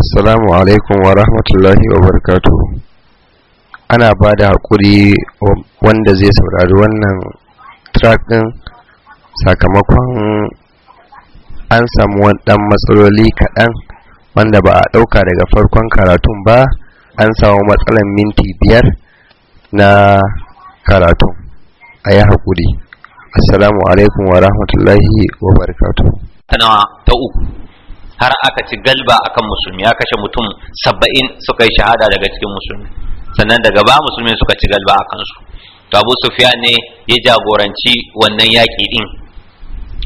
assalamu alaikum wa rahmatullahi wa barakatu ana ba da haƙuri wanda zai saurari wannan track ɗin sakamakon an samu ɗan matsaloli kaɗan wanda ba a ɗauka daga farkon karatu ba an samu matsalan minti biyar na karatu a yi haƙuri assalamu alaikum wa rahmatullahi wa Tana ta uku har aka ci galba akan musulmi ya kashe mutum saba'in suka yi shahada daga cikin musulmi sannan daga ba musulmi suka ci galba a kansu to abu sufiya ne ya jagoranci wannan yaƙi ɗin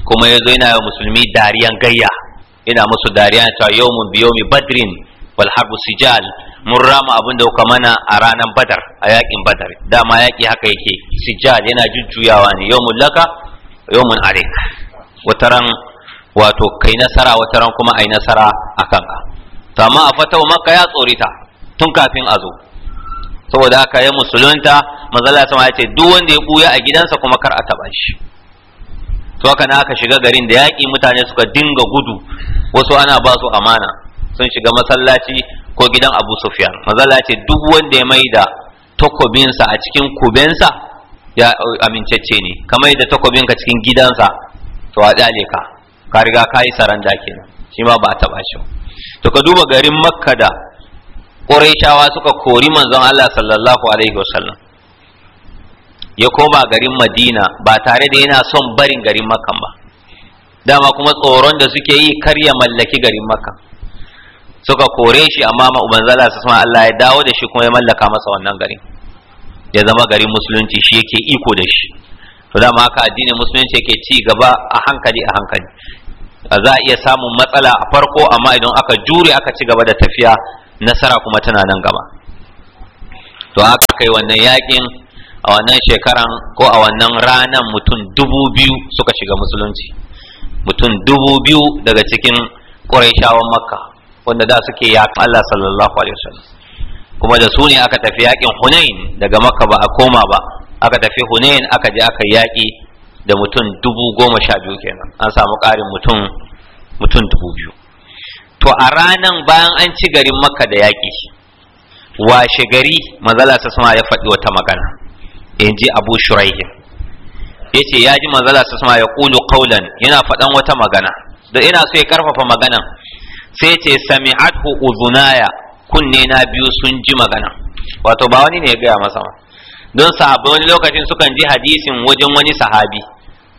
kuma ya zo yana wa musulmi dariyan gayya ina musu dariyan cewa yawmun bi badrin wal harbu sijal mun rama abin da kuka mana a ranar badar a yaƙin badar dama yaƙi haka yake sijal yana jujjuyawa ne yawmun laka yawmun alaik wataran wato kai nasara wata ran kuma ai nasara a kanka amma a wa makka ya tsorita tun kafin a zo saboda haka ya musulunta manzala sama ya ce duk wanda ya buya a gidansa kuma kar a taba shi to haka na aka shiga garin da yaƙi mutane suka dinga gudu wasu ana ba su amana sun shiga masallaci ko gidan abu sufyan manzala ce duk wanda ya maida takobinsa a cikin kubensa ya amincece ne kamar da ka cikin gidansa to a dale ka ka riga ka yi saranda kenan shi ma ba a taba shi to ka duba garin makka da ƙuraishawa suka kori manzon Allah sallallahu alaihi wasallam ya koma garin madina ba tare da yana son barin garin Makkan ba dama kuma tsoron da suke yi kar ya mallaki garin makka suka kore shi amma ma'ubanzala su sama Allah ya dawo da shi kuma ya mallaka masa wannan garin ya zama garin musulunci shi yake iko da shi to dama haka addinin musulunci yake ci gaba a hankali a hankali za a iya samun matsala a farko amma idan aka jure aka ci gaba da tafiya nasara kuma tana nan gaba to aka kai wannan yakin a wannan shekaran ko a wannan ranan mutum dubu biyu suka shiga musulunci mutum dubu biyu daga cikin ƙurayshawan makka wanda da suke yaƙin allah sallallahu alaihi wasallam kuma da su ne aka tafi yakin hunain daga makka ba a koma ba aka tafi hunain aka je aka yaƙi da mutum dubu goma sha biyu kenan an samu ƙarin mutum mutum dubu biyu to a ranan bayan an ci garin makka da yaƙi washe gari mazala sa ya faɗi wata magana in ji abu shuraihin ya ce ya ji mazala sa ya ƙulu ƙaulan yana faɗan wata magana da ina so ya ƙarfafa maganan sai ce sami adhu uzunaya kunne na biyu sun ji magana wato ba wani ne ya gaya masa don sahabbai wani lokacin sukan ji hadisin wajen wani sahabi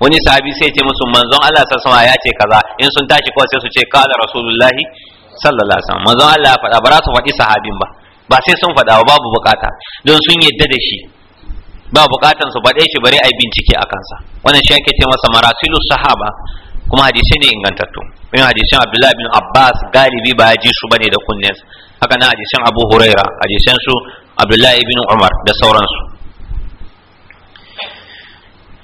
wani sahabi sai ce musu manzon Allah sallallahu alaihi ya ce kaza in sun tashi kawai sai su ce kala rasulullahi sallallahu alaihi wasallam manzon Allah ya faɗa ba za su faɗi sahabin ba ba sai sun faɗa babu bukata don sun yadda da shi ba bukatan su faɗe shi bare a bincike a kansa wannan shi ake ce masa marasilu sahaba kuma hadisi ne ingantattu min hadisin Abdullah bin Abbas galibi ba ya ji su bane da kunnes haka na hadisin Abu Huraira hadisan su Abdullahi bin Umar da sauransu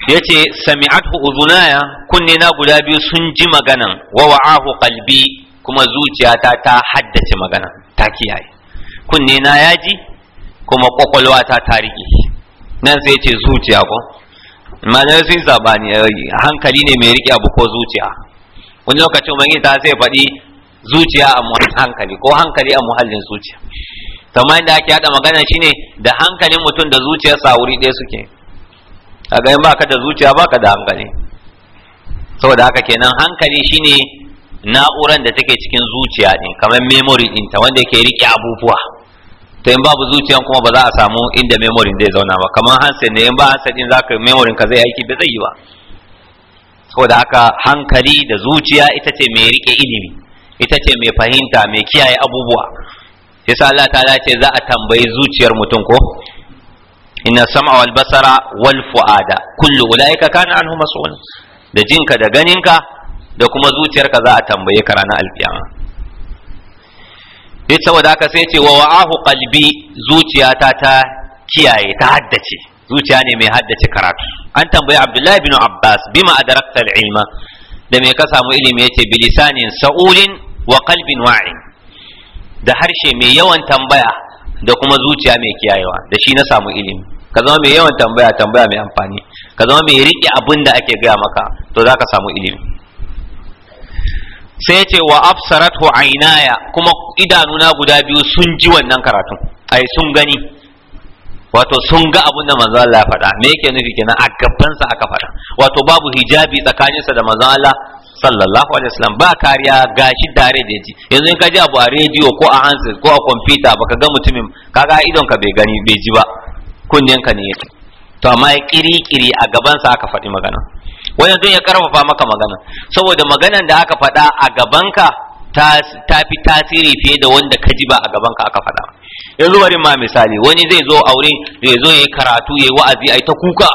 ya ce sami'athu uzunaya kunne na guda biyu sun ji maganan wa wa'ahu qalbi kuma zuciyata ta haddace magana ta kiyaye kunne na ya ji kuma kwakwalwa ta tariki nan sai ce zuciya ko ma'anar sun zabani eh, hankali ne mai rike abu ko zuciya wani lokacin ubangiji ta sai faɗi zuciya a hankali ko hankali a muhallin zuciya kamar da ake haɗa magana shine da hankalin mutum da zuciyarsa wuri ɗaya suke ga in baka da zuciya baka da hankali saboda haka kenan hankali shine na'uran da take cikin zuciya din kamar memory ɗinta wanda yake rike abubuwa to in babu zuciyan kuma ba za a samu inda memory zai zauna ba kamar handset ne in ba handset din zaka memory ka zai aiki ba zai yi ba saboda haka hankali da zuciya ita ce mai rike ilimi ita ce mai fahimta mai kiyaye abubuwa yasa Allah ta ce za a tambayi zuciyar mutum ko inna sam'a wal basara wal fu'ada kullu ulaika kana anhu mas'ul da jinka da ganinka da kuma zuciyarka za a tambaye ka ranar alfiyama. Ita saboda haka sai ce wa wa'ahu qalbi zuciyata ta kiyaye ta haddace zuciya ne mai haddace karatu an tambayi abdullahi bin abbas bima adarakta al-ilma da me ka samu ilimi yace bilisanin sa'ulin wa qalbin wa'in da harshe mai yawan tambaya da kuma zuciya mai kiyayewa da shi na samu ilimi ka zama mai yawan tambaya tambaya mai amfani ka zama mai riƙe abin da ake gaya maka to za ka samu ilimi sai ce wa absaratu ainaya kuma idanuna guda biyu sun ji wannan karatun ai sun gani wato sun ga abin da manzo Allah ya faɗa me yake nufi kenan a gabansa aka faɗa wato babu hijabi tsakaninsa da manzo Allah sallallahu alaihi wasallam ba kariya gashi dare da ji yanzu in ka ji abu a rediyo ko a handset ko a kwamfuta baka ga mutumin kaga idon ka bai gani bai ji ba kunyanka ne yake to amma ya kiri-kiri a gabansa aka faɗi magana wannan don ya karfafa maka magana saboda maganan da aka faɗa a gabanka ta fi tasiri fiye da wanda ka ji ba a gabanka aka faɗa yanzu bari ma misali wani zai zo a wurin zai zo ya karatu ya wa'azi a ta kuka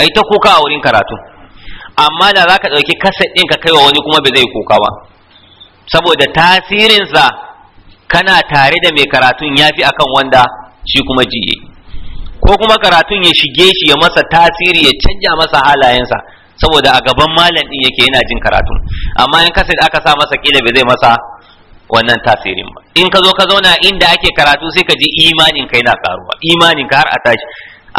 a ta kuka a wurin karatu amma da za ka ɗauki kasa ɗin ka kai wa wani kuma bai zai kuka ba saboda tasirinsa kana tare da mai karatun ya fi akan wanda shi kuma jiye ko kuma karatun ya shige shi ya masa tasiri ya canja masa halayensa saboda a gaban malam din yake yana jin karatu, amma in kaset aka sa masa kila bai zai masa wannan tasirin ba in ka zo ka zauna inda ake karatu sai ka ji imanin kai yana karuwa imanin ka har a tashi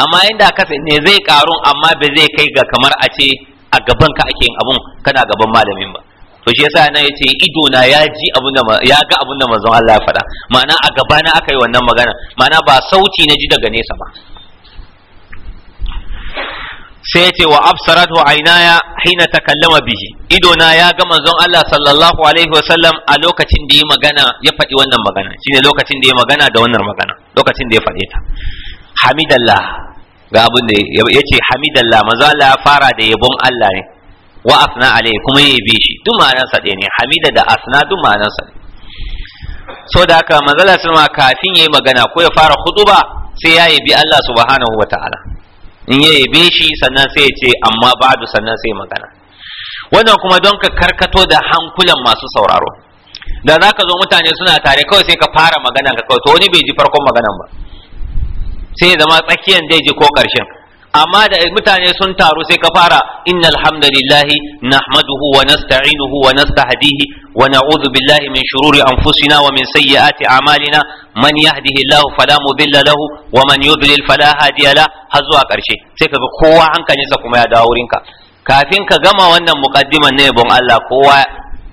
amma inda kaset ne zai karun amma bai zai kai ga kamar a ce a gaban ka ake yin abun kana gaban malamin ba to shi yasa nan yace ido na ya ji abun da ya ga abin da manzon Allah ya faɗa ma'ana a gaba na aka yi wannan magana ma'ana ba sauti na ji daga nesa ba sai ce wa absaratu ya hina takallama bihi ido na ya ga manzon Allah sallallahu alaihi wasallam a lokacin da ya magana ya faɗi wannan magana shine lokacin da ya magana da wannan magana lokacin da ya faɗe ta hamidallah ga abin da yace hamidallah manzon Allah ya fara da yabon Allah ne wa asna alaihi kuma ya yabe shi duk ma'anar sa ne hamida da asna duk ma'anar sa ne so da haka manzon Allah kafin yayi magana ko ya fara khutuba sai ya yabi Allah subhanahu wataala in ya yabe shi sannan sai ya ce amma ba'du sannan sai magana wannan kuma don ka karkato da hankulan masu sauraro da za ka zo mutane suna tare kawai sai ka fara magana ka kawai to wani bai ji farkon maganan ba sai ya zama tsakiyan dai ji ko ƙarshen amma da mutane sun taru sai ka fara innal hamdalillahi nahmaduhu wa nasta'inuhu wa nastahdihi wa na'udhu billahi min shururi anfusina wa min sayyiati a'malina man yahdihillahu fala mudilla lahu wa man yudlil fala hadiya la har zuwa karshe sai kaga kowa hankalinsa kuma ya dawo wurinka kafin ka gama wannan muqaddiman ne bon Allah kowa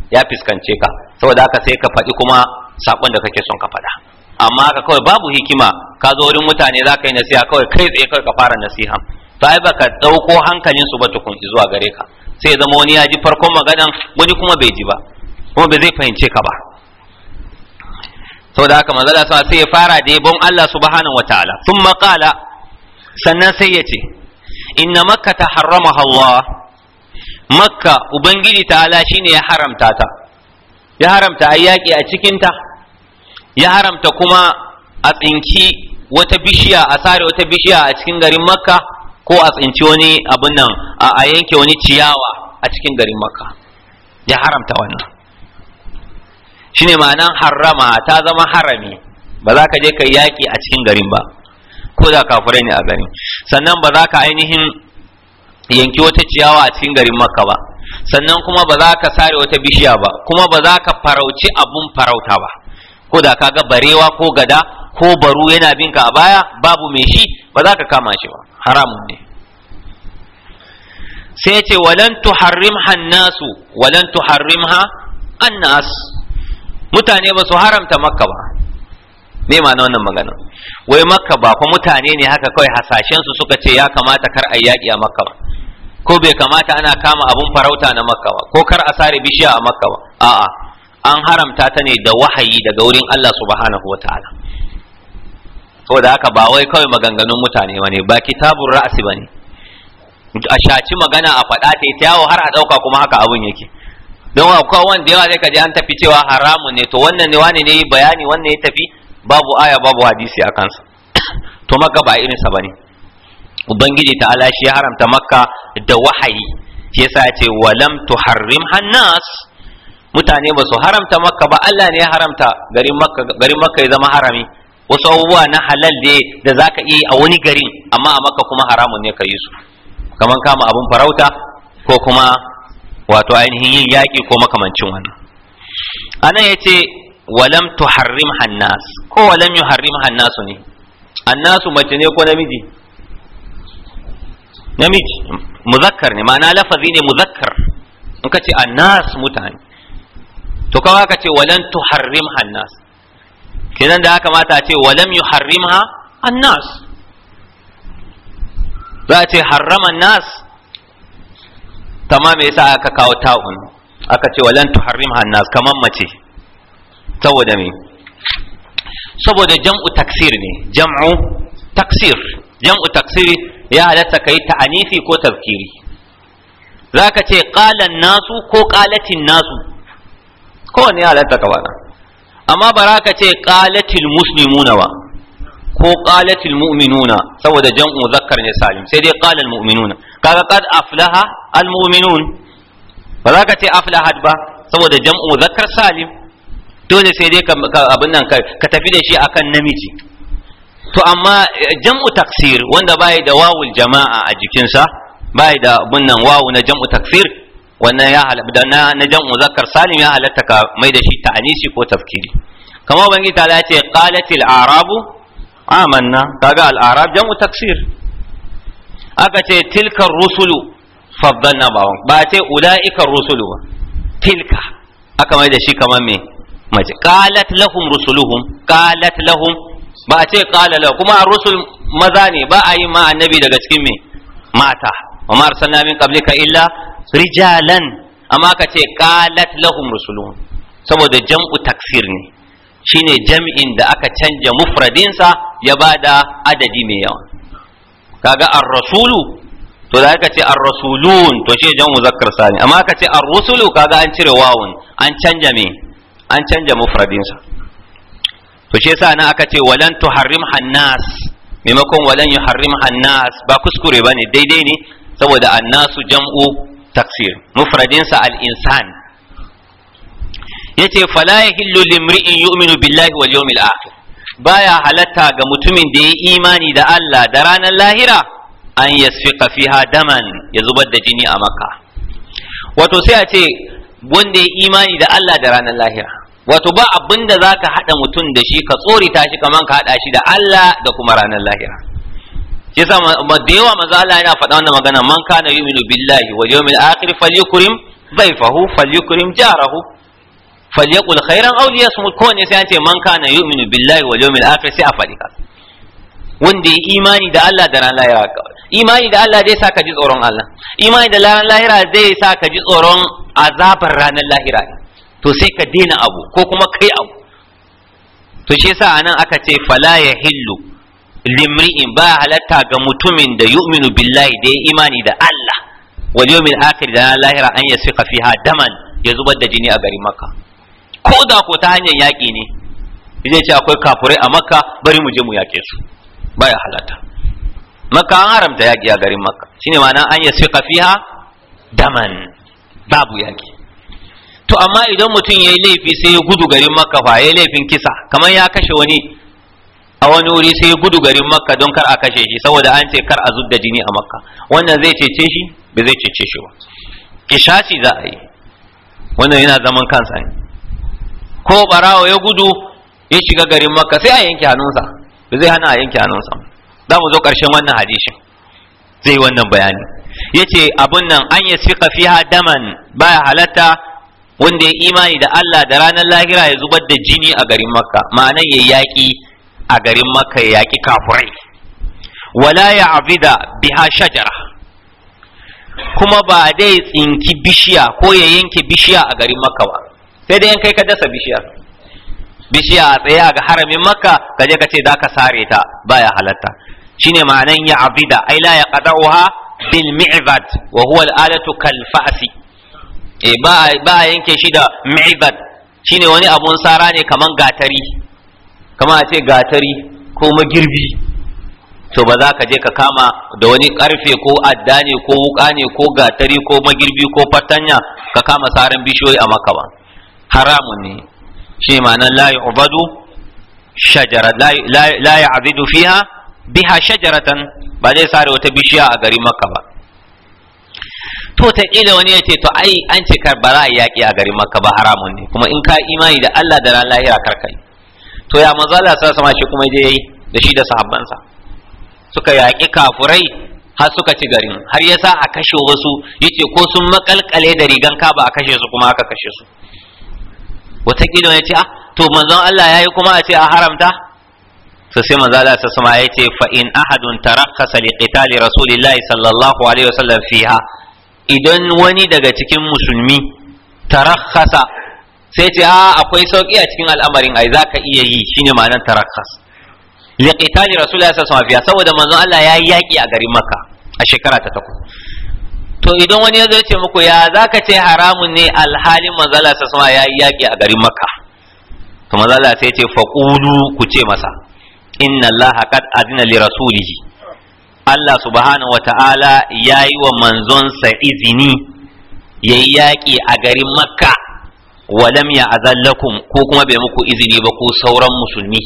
ya fiskance ka saboda haka sai ka faɗi kuma sakon da kake son ka faɗa amma ka kawai babu hikima ka zo wurin mutane za ka yi nasiha kawai kai tsaye kawai ka fara nasiha to ai baka dauko hankalin su ba tukun zuwa gare ka sai zama wani ya ji farkon maganan wani kuma bai ji ba kuma bai zai fahimce ka ba saboda haka manzo Allah sai ya fara da yabon Allah subhanahu wataala thumma qala sannan sai ya ce inna makka taharramaha Allah makka ubangiji ta'ala shine ya haramta ta ya haramta ayyaki a cikin ta ya haramta kuma a tsinki wata bishiya a sare wata bishiya a cikin garin makka ko a tsinci wani abin nan a yanke wani ciyawa a cikin garin makka ya haramta wannan ne ma'anan harama ta zama harami ba za ka je ka yaƙi a cikin garin ba ko da kafurai ne a garin sannan ba za ka ainihin yanki wata ciyawa a cikin garin makka ba sannan kuma ba za ka sare wata bishiya ba kuma ba za ka farauci abun farauta ba ko da ka ga barewa ko gada ko baru yana bin ka a baya babu mai shi ba za ka kama shi ba haramun ne sai ce walan tuharrim hannasu walan ha annas mutane ba su haramta makka ba me ma'ana wannan magana wai makka ba kuma mutane ne haka kawai hasashen su suka ce ya kamata kar a yaƙi a makka ba ko bai kamata ana kama abun farauta na makka ba ko kar a sare bishiya a makka ba a'a an haramta ta ne da wahayi daga wurin Allah subhanahu wa ta'ala saboda haka ba wai kawai maganganun mutane ba ne ba kitabun ra'asi ba ne a shaci magana a faɗa ta ta yawo har a ɗauka kuma haka abun yake don kawai wanda yawa zai kaji an tafi cewa haramun ne to wannan ne wani ne bayani wannan ya tafi babu aya babu hadisi a kansa to maka ba irinsa ba ne ubangiji ta ala shi haramta makka da wahayi shi yasa ya ce walam tuharrim hannas mutane ba su haramta makka ba Allah ne ya haramta garin makka garin makka ya zama harami wasu abubuwa na halal ne da zaka iya a wani garin amma a makka kuma haramun ne ka yi su kamar kama abun farauta ko kuma wato ainihin yin yaƙi ko makamancin wannan anan yace walam tuharrim hannas ko walam yuharrim hannasu ne annasu mace ne ko namiji namiji muzakkar ne ma'ana lafazi ne muzakkar in ka ce annas mutane to kawai aka ce walan tuharrimha nas kenan da aka mata a ce walam yuharrimha annas za a ce harrama nas tamam yasa aka kawo ta'un aka ce walan tuharrimha nas kaman mace saboda me saboda jam'u taksir ne jam'u taksir jam'u taksir ya halatta kai ta'anisi ko tafkiri, za ka ce ƙalan nasu ko ƙalatin nasu kowanne halatta ka na, amma bara ka ce qalatil muslimuna ba ko qalatil mu'minuna saboda jam'u zakkar ne salim sai dai qalal mu'minuna kaga qad aflaha al mu'minun ba za ka ce aflahat ba saboda jam'u zakkar salim dole sai dai abin nan ka tafi da shi akan namiji to amma eh, jam'u taksir wanda bai da wawul jama'a a jikinsa bai da abin nan wawu na jam'u taksir wannan ya halatta na na jan muzakkar salim ya halatta ka mai da shi ta'anisi ko tafkiri kamar bangi ta ce qalatil arabu amanna kaga al arab jam'u taksir aka ce tilka rusulu faddalna ba ba ce ulaika rusulu ba tilka aka mai da shi kamar me mace qalat lahum rusuluhum qalat lahum ba ce qala lahum kuma rusul maza ne ba a yi ma annabi daga cikin me mata wa ma arsalna min qablika illa rijalan amma ka ce qalat lahum rusulun saboda jam'u taksir ne shine jam'in da aka canja mufradinsa ya bada adadi mai yawa kaga ar-rasulu to da aka ce ar-rasulun to shi jam'u sa sani amma ka ce ar-rusulu kaga an cire wawun an canja me an canja mufradinsa to shi yasa na aka ce walan tuharrim hannas maimakon walan yuharrim hannas ba kuskure bane daidai ne saboda annasu jam'u taksir mufradinsa al'insan. insan yace fala yahillu limri'in yu'minu billahi wal yawmil akhir baya halatta ga mutumin da ya imani da Allah da ranar lahira an yasfiqa fiha daman ya zubar da jini a Makka. wato sai ace ce wanda ya imani da Allah da ranar lahira wato ba abinda da zaka haɗa mutum da shi ka tsorita shi kamar ka haɗa shi da Allah da kuma ranar lahira shi ma da yawa maza Allah yana faɗa wannan magana man kana yu'minu billahi wal yawmil akhir falyukrim dhayfahu falyukrim jarahu falyaqul khairan aw liyasmut ko ne sai an ce man kana yu'minu billahi wal yawmil akhir sai a faɗi ka wanda imani da Allah da ran lahira imani da Allah zai sa ka ji tsoron Allah imani da ran lahira zai sa ka ji tsoron azabar ranar lahira to sai ka dena abu ko kuma kai abu to shi yasa anan aka ce fala yahillu limri'in ba halatta ga mutumin da yu'minu billahi da ya imani da Allah wal yawmil akhir da lahira an yasfiqa fiha daman ya zubar da jini a garin Makka ko da ko ta hanyar yaƙi ne zai ce akwai kafurai a Makka bari mu je mu yaƙe su baya halatta Makka an haramta yaƙi a garin Makka shine ma'ana an yasfiqa fiha daman babu yaƙi to amma idan mutum ya yi laifi sai ya gudu garin Makka fa ya laifin kisa kamar ya kashe wani a wani wuri sai gudu garin makka don kar a kashe shi saboda an ce kar a zubda jini a makka wannan zai cece shi ba zai cece shi ba kishashi za a yi wannan yana zaman kansa ne ko barawo ya gudu ya shiga garin makka sai a yanke hannunsa ba zai hana a yanke hannunsa za mu zo ƙarshen wannan hadishin zai wannan bayani ya ce abun nan an yi sika fiha daman baya halatta wanda ya imani da Allah da ranar lahira ya zubar da jini a garin makka ma'anan ya yaƙi a garin makka ya yaƙi kafurai wala ya abida biha shajara kuma ba dai tsinki bishiya ko ya yanke bishiya a garin makka ba sai dai kai ka dasa bishiyar bishiya a tsaye ga haramin makka ka je ka ce za ka sare ta baya halatta shine ma'anan ya abida ai la ya qada'uha bil mi'bad wa huwa al'adatu kal fa'si eh, ba ba yanke shi da mi'bad shine wani abun sara ne kaman gatari kama a ce gatari ko magirbi to ba za ka je ka kama da wani karfe ko adda ne ko wuka ne ko gatari ko magirbi ko fatanya ka kama saran bishiyoyi a maka ba haramun ne shi ma'anar layi ubadu shajara layi abidu fiha biha shajaratan ba zai sare wata bishiya a gari maka ba to ta wani ya ce to ai an ce kar ba za a yaƙi a garin maka ba haramun ne kuma in ka imani da Allah da ran lahira kar to ya manzo Allah sa sama shi kuma je yayi da shi da sahabbansa suka yaƙi kafurai har suka ci garin har yasa a kashe wasu yace ko sun makalkale da rigan kaba a kashe su kuma aka kashe su wataƙila ya ce ah to manzon Allah ya yi kuma a ce a haramta to sai manzon Allah sama ya ce fa in ahadun tarakkasa li qitali rasulillahi sallallahu alaihi wasallam fiha idan wani daga cikin musulmi tarakkasa sai ce a ah, akwai sauki a cikin al'amarin ai zaka iya yi shine ma'anar tarakas liqitali rasulullahi sallallahu alaihi wasallam saboda manzon Allah yayi yaki a garin Makka a shekara ta takwas to idan wani ya zo ce muku ya zaka ce haramun ne alhalin manzon Allah sallallahu alaihi wasallam yayi yaki a garin Makka to manzon Allah sai ce faqulu ku ce masa inna Allah qad adina li rasulihi Allah subhanahu wata'ala yayi wa manzon sa izini yayi yaki a garin Makka walam ya azallakum ko kuma bai muku izini ba ko sauran musulmi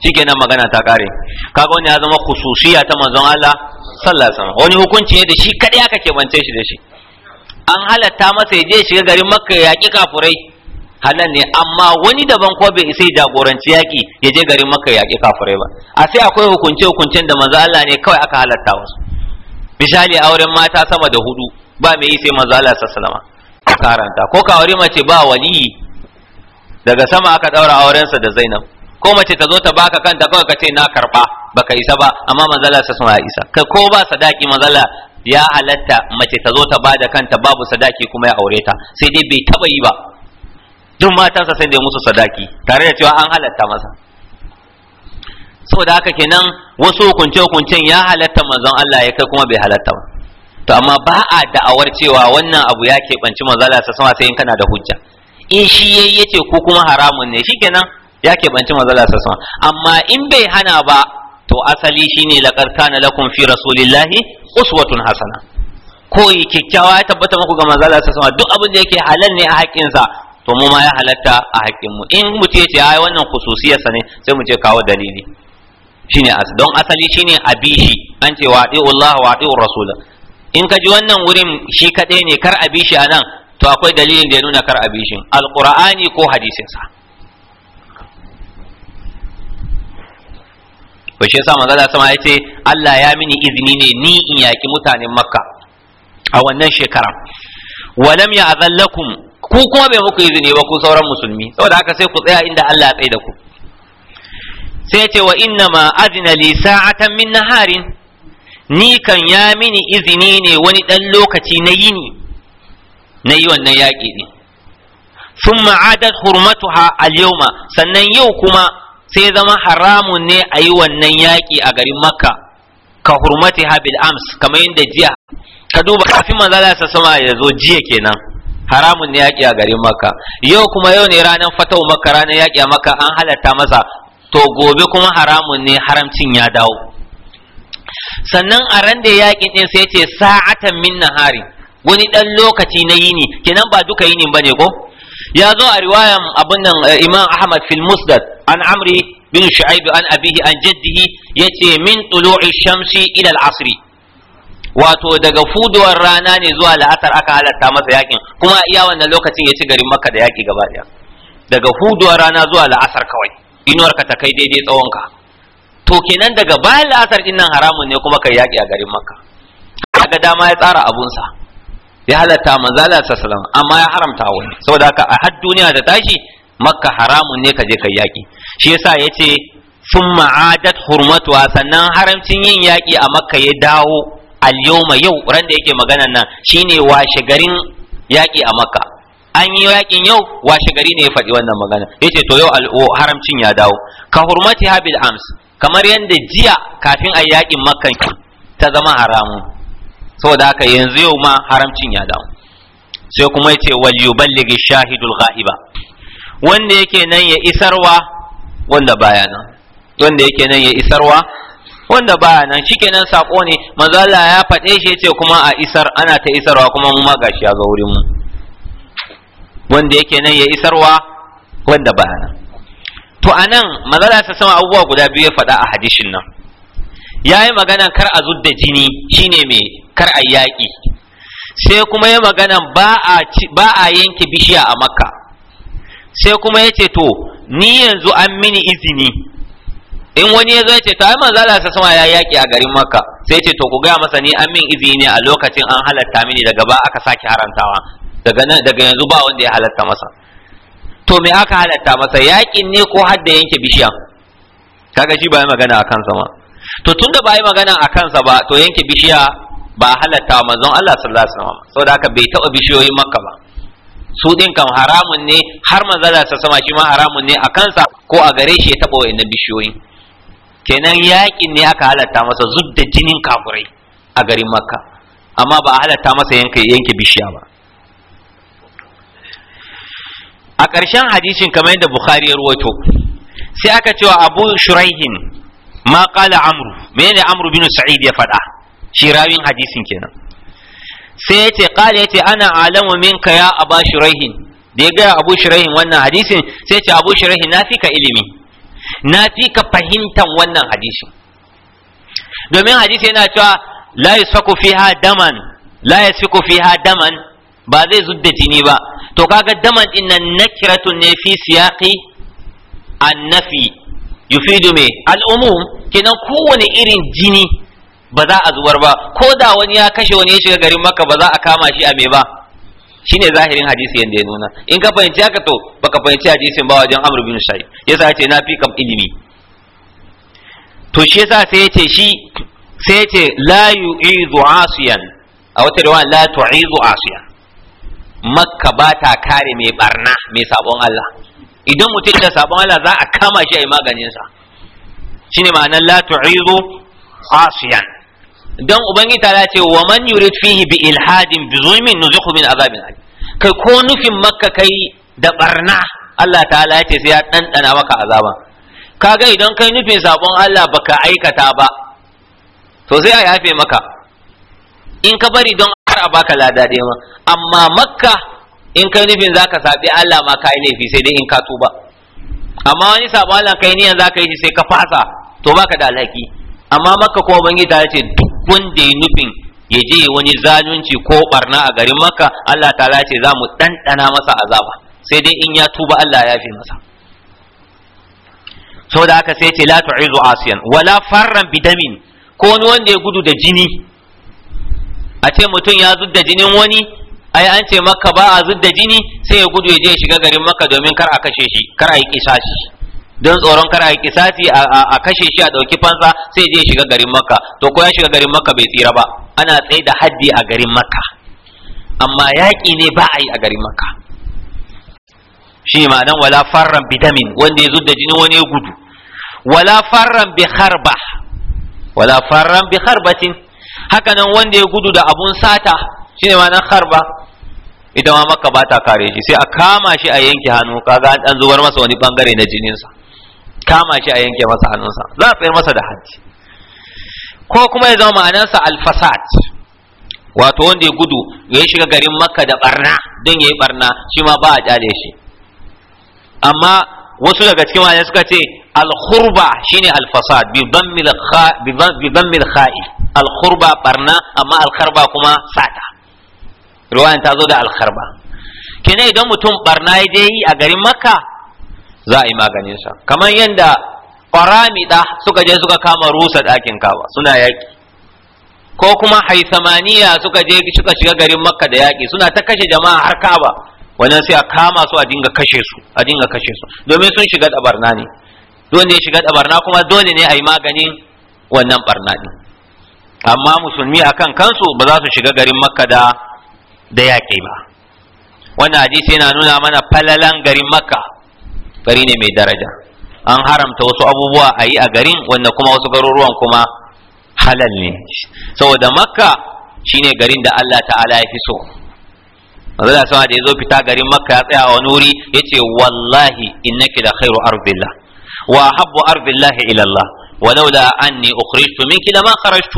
shikenan magana ta kare kaga wani ya zama khususiya ta manzon Allah sallallahu alaihi wasallam wani hukunci ne da shi kadai aka bance shi da shi an halatta masa ya je shiga garin makka ya yaki kafurai halal ne amma wani daban ko bai isa jagoranci yaki ya je garin makka ya kafurai ba a sai akwai hukunce hukuncen da manzo Allah ne kawai aka halatta wasu misali auren mata sama da hudu ba mai yi sai manzo Allah sallallahu alaihi wasallam karanta ko ka aure mace ba waliyi daga sama aka daura aurensa da Zainab ko mace ta zo ta baka kanta kawai ka ce na karba baka isa ba amma manzala sa suna isa ka ko ba sadaki manzala ya halatta mace ta zo ta bada kanta babu sadaki kuma ya aure ta sai dai bai taba yi ba duk matansa sai dai musu sadaki tare da cewa an halatta masa saboda haka kenan wasu hukunce hukuncen ya halatta manzon Allah ya kai kuma bai halatta ba to amma ba a da'awar cewa wannan abu ya keɓanci manzala sa sama sai in kana da hujja in shi yayi yace ko kuma haramun ne shikenan ya keɓanci manzala sa sama amma in bai hana ba to asali shine laqad kana lakum fi rasulillahi uswatun hasana koyi kyakkyawa ya tabbata muku ga manzala sa sama duk abin da yake halal ne a sa to mu ma ya halatta a mu in mutum yace ai wannan sa ne sai mu je kawo dalili shine don asali shine abishi an ce wa Allah wa rasul in ka ji wannan wurin shi kaɗai ne kar a bishi a nan to akwai dalilin da ya nuna kar a bishi shi alƙur'ani ko hadisinsa ba shi yasa manzala sama ya ce Allah ya mini izini ne ni in yaƙi mutanen makka a wannan shekara walam ya azallakum ku kuma bai muku izini ba ku sauran musulmi saboda haka sai ku tsaya inda Allah ya tsaye da ku sai ce wa inna ma azina li sa'atan min naharin ni kan ya mini izini ne wani ɗan lokaci na yini na yi wannan yaƙi ne. sun ma'adar ha a yawma sannan yau kuma sai zama haramun ne a yi wannan yaƙi a garin makka ka hurmati bil ams kamar yadda jiya ka duba kafin za sa sama ya zo jiya kenan haramun ne yaƙi a garin makka yau kuma yau ne ranar fatau makka ranar yaƙi a makka an halatta masa to gobe kuma haramun ne haramcin ya dawo sannan a ran da yakin ɗin sai ce sa'atan Minna Hari, wani ɗan lokaci na yini kenan ba duka yinin ne ko ya zo a riwayan abin nan eh, imam ahmad fil musdad an amri bin shu'aib an abihi an jaddihi yace min tulu'i shamsi ila al wato daga fuduwar rana ne zuwa la'asar aka halatta masa yakin kuma iya wannan lokacin ya ci garin makka da yaki gaba daya daga huduwar rana zuwa la'asar kawai inuwarka ta kai daidai tsawonka to kenan daga bayan la'asar din nan haramun ne kuma kai yaƙi a garin makka kaga dama ya tsara abunsa ya halatta manzo Allah sallallahu amma ya haramta wani saboda haka a har duniya ta tashi makka haramun ne ka je kai yaƙi shi yasa yace sun ma'adat hurmatuwa sannan haramcin yin yaƙi a makka ya dawo al-yawma yau ran da yake maganan nan shine washe garin yaƙi a makka an yi yaƙin yau washe gari ne ya faɗi wannan magana yace to yau haramcin ya dawo ka hurmati habil ams kamar yadda jiya kafin a yakin makkan ta zama haramu saboda haka yanzu yau ma haramcin ya dawo sai kuma yace wal yuballighi shahidul ghaiba wanda yake nan ya isarwa wanda baya nan wanda yake nan ya isarwa wanda baya nan shikenan sako ne manzo Allah ya faɗe shi yace kuma a isar ana ta isarwa kuma mu ma gashi a zo wurin mu wanda yake nan ya isarwa wanda baya nan to a anan mazala ta sama abubuwa guda biyu ya faɗa a hadishin nan ya yi magana kar a zudda jini shine mai kar a yaƙi sai kuma ya magana ba a yanke bishiya a makka sai kuma ya ce to ni yanzu an mini izini in wani ya zo ya ce to ai manzala ta sama ya yaƙi a garin makka sai ce to ku gaya masa ni an min izini ne a lokacin an halatta mini daga ba aka sake harantawa daga yanzu ba wanda ya halatta masa to me aka halatta masa yakin ne ko hadda yanke bishiya kaga shi ba magana a kansa ma to tun da ba yi magana a kansa ba to yanke bishiya ba halatta manzon Allah sallallahu alaihi wasallam saboda haka bai taba bishiyoyin makka ba su din kam haramun ne har manzon Allah sallallahu alaihi shi ma haramun ne a kansa ko a gare shi ya taba wa'annan bishiyoyi? kenan yakin ne aka halatta masa zudda jinin kafurai a garin makka amma ba a halatta masa yanke bishiya ba a ƙarshen hadisin kamar yadda bukhari ya ruwaito sai aka cewa abu shuraihin ma ƙala amru ne amru bin sa'id ya faɗa shi rawin hadisin kenan sai ce ƙala ya ce ana alama minka ya aba shuraihin da ya gaya abu shuraihin wannan hadisin sai ce abu shuraihin na fi ka ilimi na fi ka fahimtan wannan hadisin domin hadisi yana cewa la yusfaku fiha daman la yusfaku fiha daman ba zai zubda jini ba to kaga daman din nan nakiratun ne fi siyaqi annafi yufidu me al'umum kenan kowane irin jini ba za a zuwar ba ko da wani ya kashe wani ya shiga garin maka ba za a kama shi a me ba shine zahirin hadisi yanda ya nuna in ka fahimci haka to baka fahimci hadisin ba wajen amr bin shay yasa ce na fi kam ilimi to shi yasa sai yace shi sai yace la yu'izu asiyan a wata riwaya la tu'izu asiyan makka ba ta kare mai barna mai sabon Allah idan mutum da sabon Allah za a kama shi a yi maganinsa shi ne ma'anar la tu'izu asiyan don ubangiji ta ce wa man yurid fihi bi ilhadin bi zulmin nuzukhu min azabin alim kai ko nufin makka kai da barna Allah ta'ala ya ce sai ya dandana maka azaba kaga idan kai nufin sabon Allah baka aikata ba to sai a yafe maka in ka bari don har a baka lada da ma amma makka in kai nufin za ka saɓi Allah ma ka yi laifi sai dai in ka tuba amma wani saɓo Allah kai niyan ka yi sai ka fasa to baka da alhaki amma makka kuma bangi ta ce duk wanda ya nufin ya je wani zalunci ko barna a garin makka Allah ta ce za mu ɗanɗana masa azaba sai dai in ya tuba Allah ya fi masa saboda haka sai ce la tu'izu asiyan wala farran bidamin ko wani wanda ya gudu da jini a ce mutum ya zudda jinin wani ai an ce maka ba a zudda jini sai ya gudu ya je shiga garin maka domin kar a kashe shi kar a yi kisashi don tsoron kar a yi kisasi a kashe shi a ɗauki fansa sai je shiga garin makka to ko ya shiga garin makka bai tsira ba ana tsaye da haddi a garin makka amma yaƙi ne ba a yi a garin makka shi ma dan wala farran bidamin wanda ya zudda jini wani ya gudu wala farran bi harba wala farran bi harbatin haka nan wanda ya gudu da abun sata shine ma nan harba ita ma makka ba ta kare shi sai a kama shi a yanke hannu kaga an zubar masa wani bangare na jininsa kama shi a yanke masa hannunsa za a tsayar masa da hajji ko kuma ya zama ma'anarsa alfasad wato wanda ya gudu ya shiga garin makka da barna don ya yi barna shi ma ba a kyale shi amma wasu daga cikin ma'anar suka ce alhurba shine alfasad bi dhammil kha'i alkhurba barna amma alkharba kuma sata ruwan ta zo da alkharba kene idan mutum barna ya je yi a garin makka za a yi maganin sa kamar yadda da suka je suka kama rusa ɗakin kawa suna yaƙi ko kuma haisamaniya suka je suka shiga garin makka da yaƙi suna ta kashe jama'a har kaba wannan sai a kama su a dinga kashe su a dinga kashe su domin sun shiga da barna ne dole ne shiga da barna kuma dole ne a yi maganin wannan barna ne amma musulmi akan kansu ba za su shiga garin makka da da yaƙi ba wannan hadisi yana nuna mana falalan garin makka gari ne mai daraja an haramta wasu abubuwa a yi a garin wanda kuma wasu garuruwan kuma halal ne saboda makka shine garin da allah ta'ala ya fi so manzo da sama da ya zo fita garin makka ya tsaya wani wuri ya ce wallahi innaki da khairu ardillah wa habbu ardillahi ila allah ولولا أني أخرجت منك لما خرجت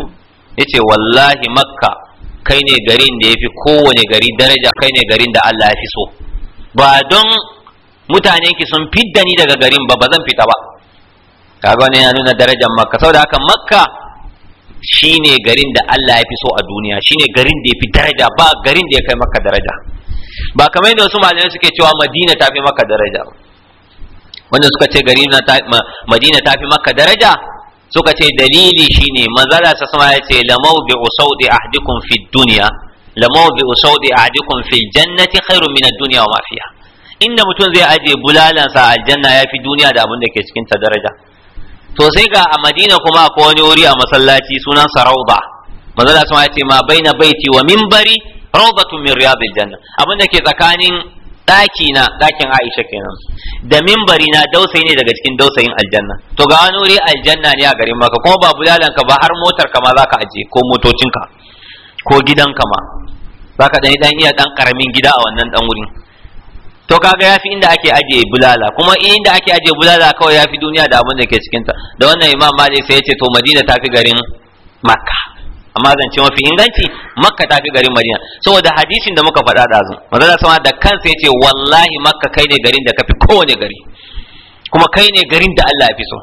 yace wallahi makka kai ne garin da yafi kowane gari daraja kai ne garin da Allah ya fi so ba don mutanen ki sun fidda ni daga garin ba ba zan fita ba kaga wani ya nuna darajar makka saboda haka makka shine garin da Allah ya fi so a duniya shine garin da ya fi daraja ba garin da ya kai makka daraja ba kamar yadda wasu malamai suke cewa madina ta fi makka daraja wanda suka ce garin madina ta fi makka daraja suka ce dalili shine manzala sa sama ya ce lamau bi usaudi ahdikum fi dunya lamau bi usaudi ahdikum fil jannati khairun min ad-dunya wa mafiya inda mutum zai aje bulalansa aljanna ya fi duniya da abin da ke cikin ta daraja to sai ga a madina kuma akwai wani wuri a masallaci sunan sa rauda manzala sama ya ce ma baina baiti wa minbari rawdatun min riyadil janna abin da ke tsakanin daki na dakin Aisha kenan da mimbari na dausayi ne daga cikin dausayin aljanna to ga wani aljanna ne a garin maka kuma ba bulalan ka ba har motar ka ma zaka aje ko motocin ka ko gidan ka ma zaka dani dan iya dan karamin gida a wannan dan wurin to kaga yafi inda ake aje bulala kuma inda ake aje bulala kawai yafi duniya da abin da ke cikin ta da wannan imam malik sai ya ce to madina tafi garin makka amma zance mafi inganci makka ta fi garin madina saboda hadisin da muka faɗa ɗazu manzon sama da kansa yace wallahi makka kai ne garin da ka fi kowane gari kuma kai ne garin da Allah ya fi so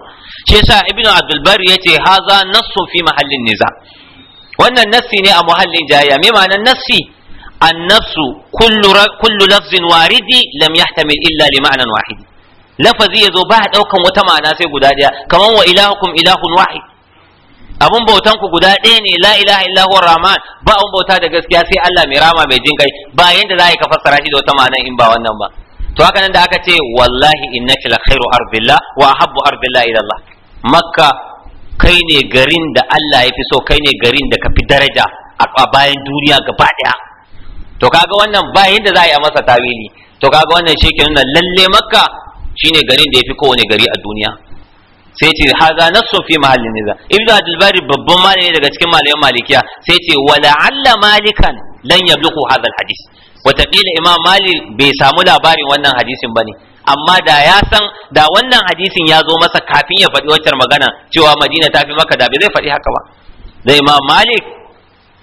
shi yasa ibnu abdul bar ya ce haza nassu fi mahallin niza wannan nassi ne a muhallin jayya me ma'anar nassi annasu kullu kullu lafzin waridi lam yahtamil illa li ma'nan wahid ya zo ba ɗaukan wata ma'ana sai guda daya kamar wa ilahukum ilahun wahid abun bautan ku guda ɗaya ne la ilaha illa huwa rahman ba abun bauta da gaskiya sai Allah mai rama mai jinkai ba yanda za a yi ka fassara shi da wata ma'ana in ba wannan ba to haka nan da aka ce wallahi innaka la khairu ardillah wa ahabbu ardillah ila Allah makka kai ne garin da Allah ya fi so kai ne garin da ka fi daraja a bayan duniya gaba daya to kaga wannan ba yanda za a yi a masa tawili to kaga wannan shi ke nuna lalle makka shine garin da ya fi kowane gari a duniya sai ce haza na fi mahallin niza ibnu abdul babban malami daga cikin malaman malikiya sai ce wala alla malikan lan yabluqu hadha al wataƙila imam malik bai samu labarin wannan hadisin bane amma da ya san da wannan hadisin ya zo masa kafin ya faɗi waccar magana cewa madina ta fi maka da bai zai faɗi haka ba da imam malik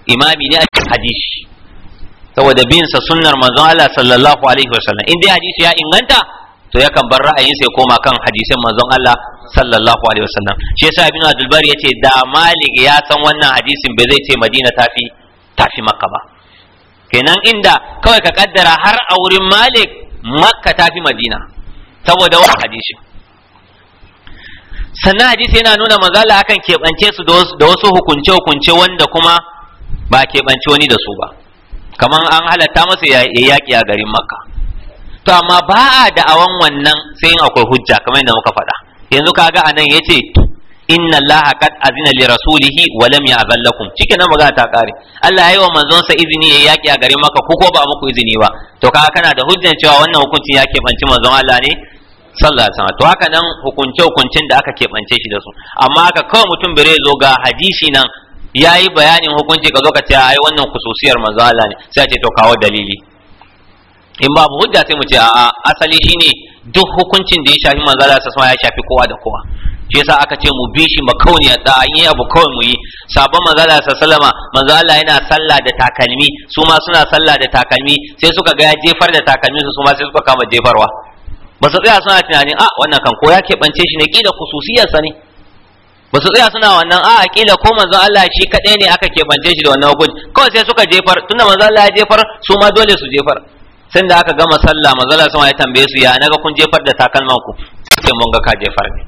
imami ne a cikin hadisi saboda bin sa sunnar manzon Allah sallallahu alaihi wasallam in dai hadisi ya inganta to yakan bar ra'ayin sai koma kan hadisin manzon Allah sallallahu alaihi wasallam shi yasa ibn abdul bari yace da malik ya san wannan hadisin bai zai ce madina tafi tafi makka ba kenan inda kawai ka kaddara har a wurin malik makka tafi madina saboda wannan hadisin sannan hadisi yana nuna mazala akan keɓance su da wasu hukunce-hukunce wanda kuma ba keɓance wani da su ba kamar an halatta masa ya yaƙi a garin makka to amma ba a da'awan wannan sai in akwai hujja kamar yadda muka faɗa yanzu kaga anan yace inna allaha qad azina li rasulihi wa lam ya'zal cike nan magana ta kare Allah yayi wa manzon sa izini ya yaki a garin maka ko ko ba muku izini ba to kaga kana da hujjan cewa wannan hukuncin ya keɓanci manzon Allah ne sallallahu alaihi wasallam to haka nan hukunce hukuncin da aka keɓance shi da su amma aka kawai mutum bare zo ga hadisi nan yayi bayanin hukunci ka zo ka ce ai wannan kususiyar manzon Allah ne sai ce to kawo dalili in babu hujja sai mu ce a'a asali shine duk hukuncin da ya shafi manzo Allah sallallahu alaihi ya shafi kowa da kowa shi yasa aka ce mu bi shi ya da an yi abu kawai mu yi sabon manzo Allah sallallahu alaihi manzo Allah yana sallah da takalmi su ma suna sallah da takalmi sai suka ga ya jefar da takalmi su ma sai suka kama jefarwa ba su tsaya suna tunanin a ah, wannan kan ko ya keɓance shi ne kila sa ne ba su tsaya suna wannan a ah, kila ko manzo Allah shi kaɗai ne aka keɓance shi da wannan hukunci kawai sai suka jefar tunda manzo Allah ya jefar su ma dole su jefar sun da aka gama sallah mazala sama ya tambaye su ya naga kun jefar da takalman ku sai mun ga ka jefar ne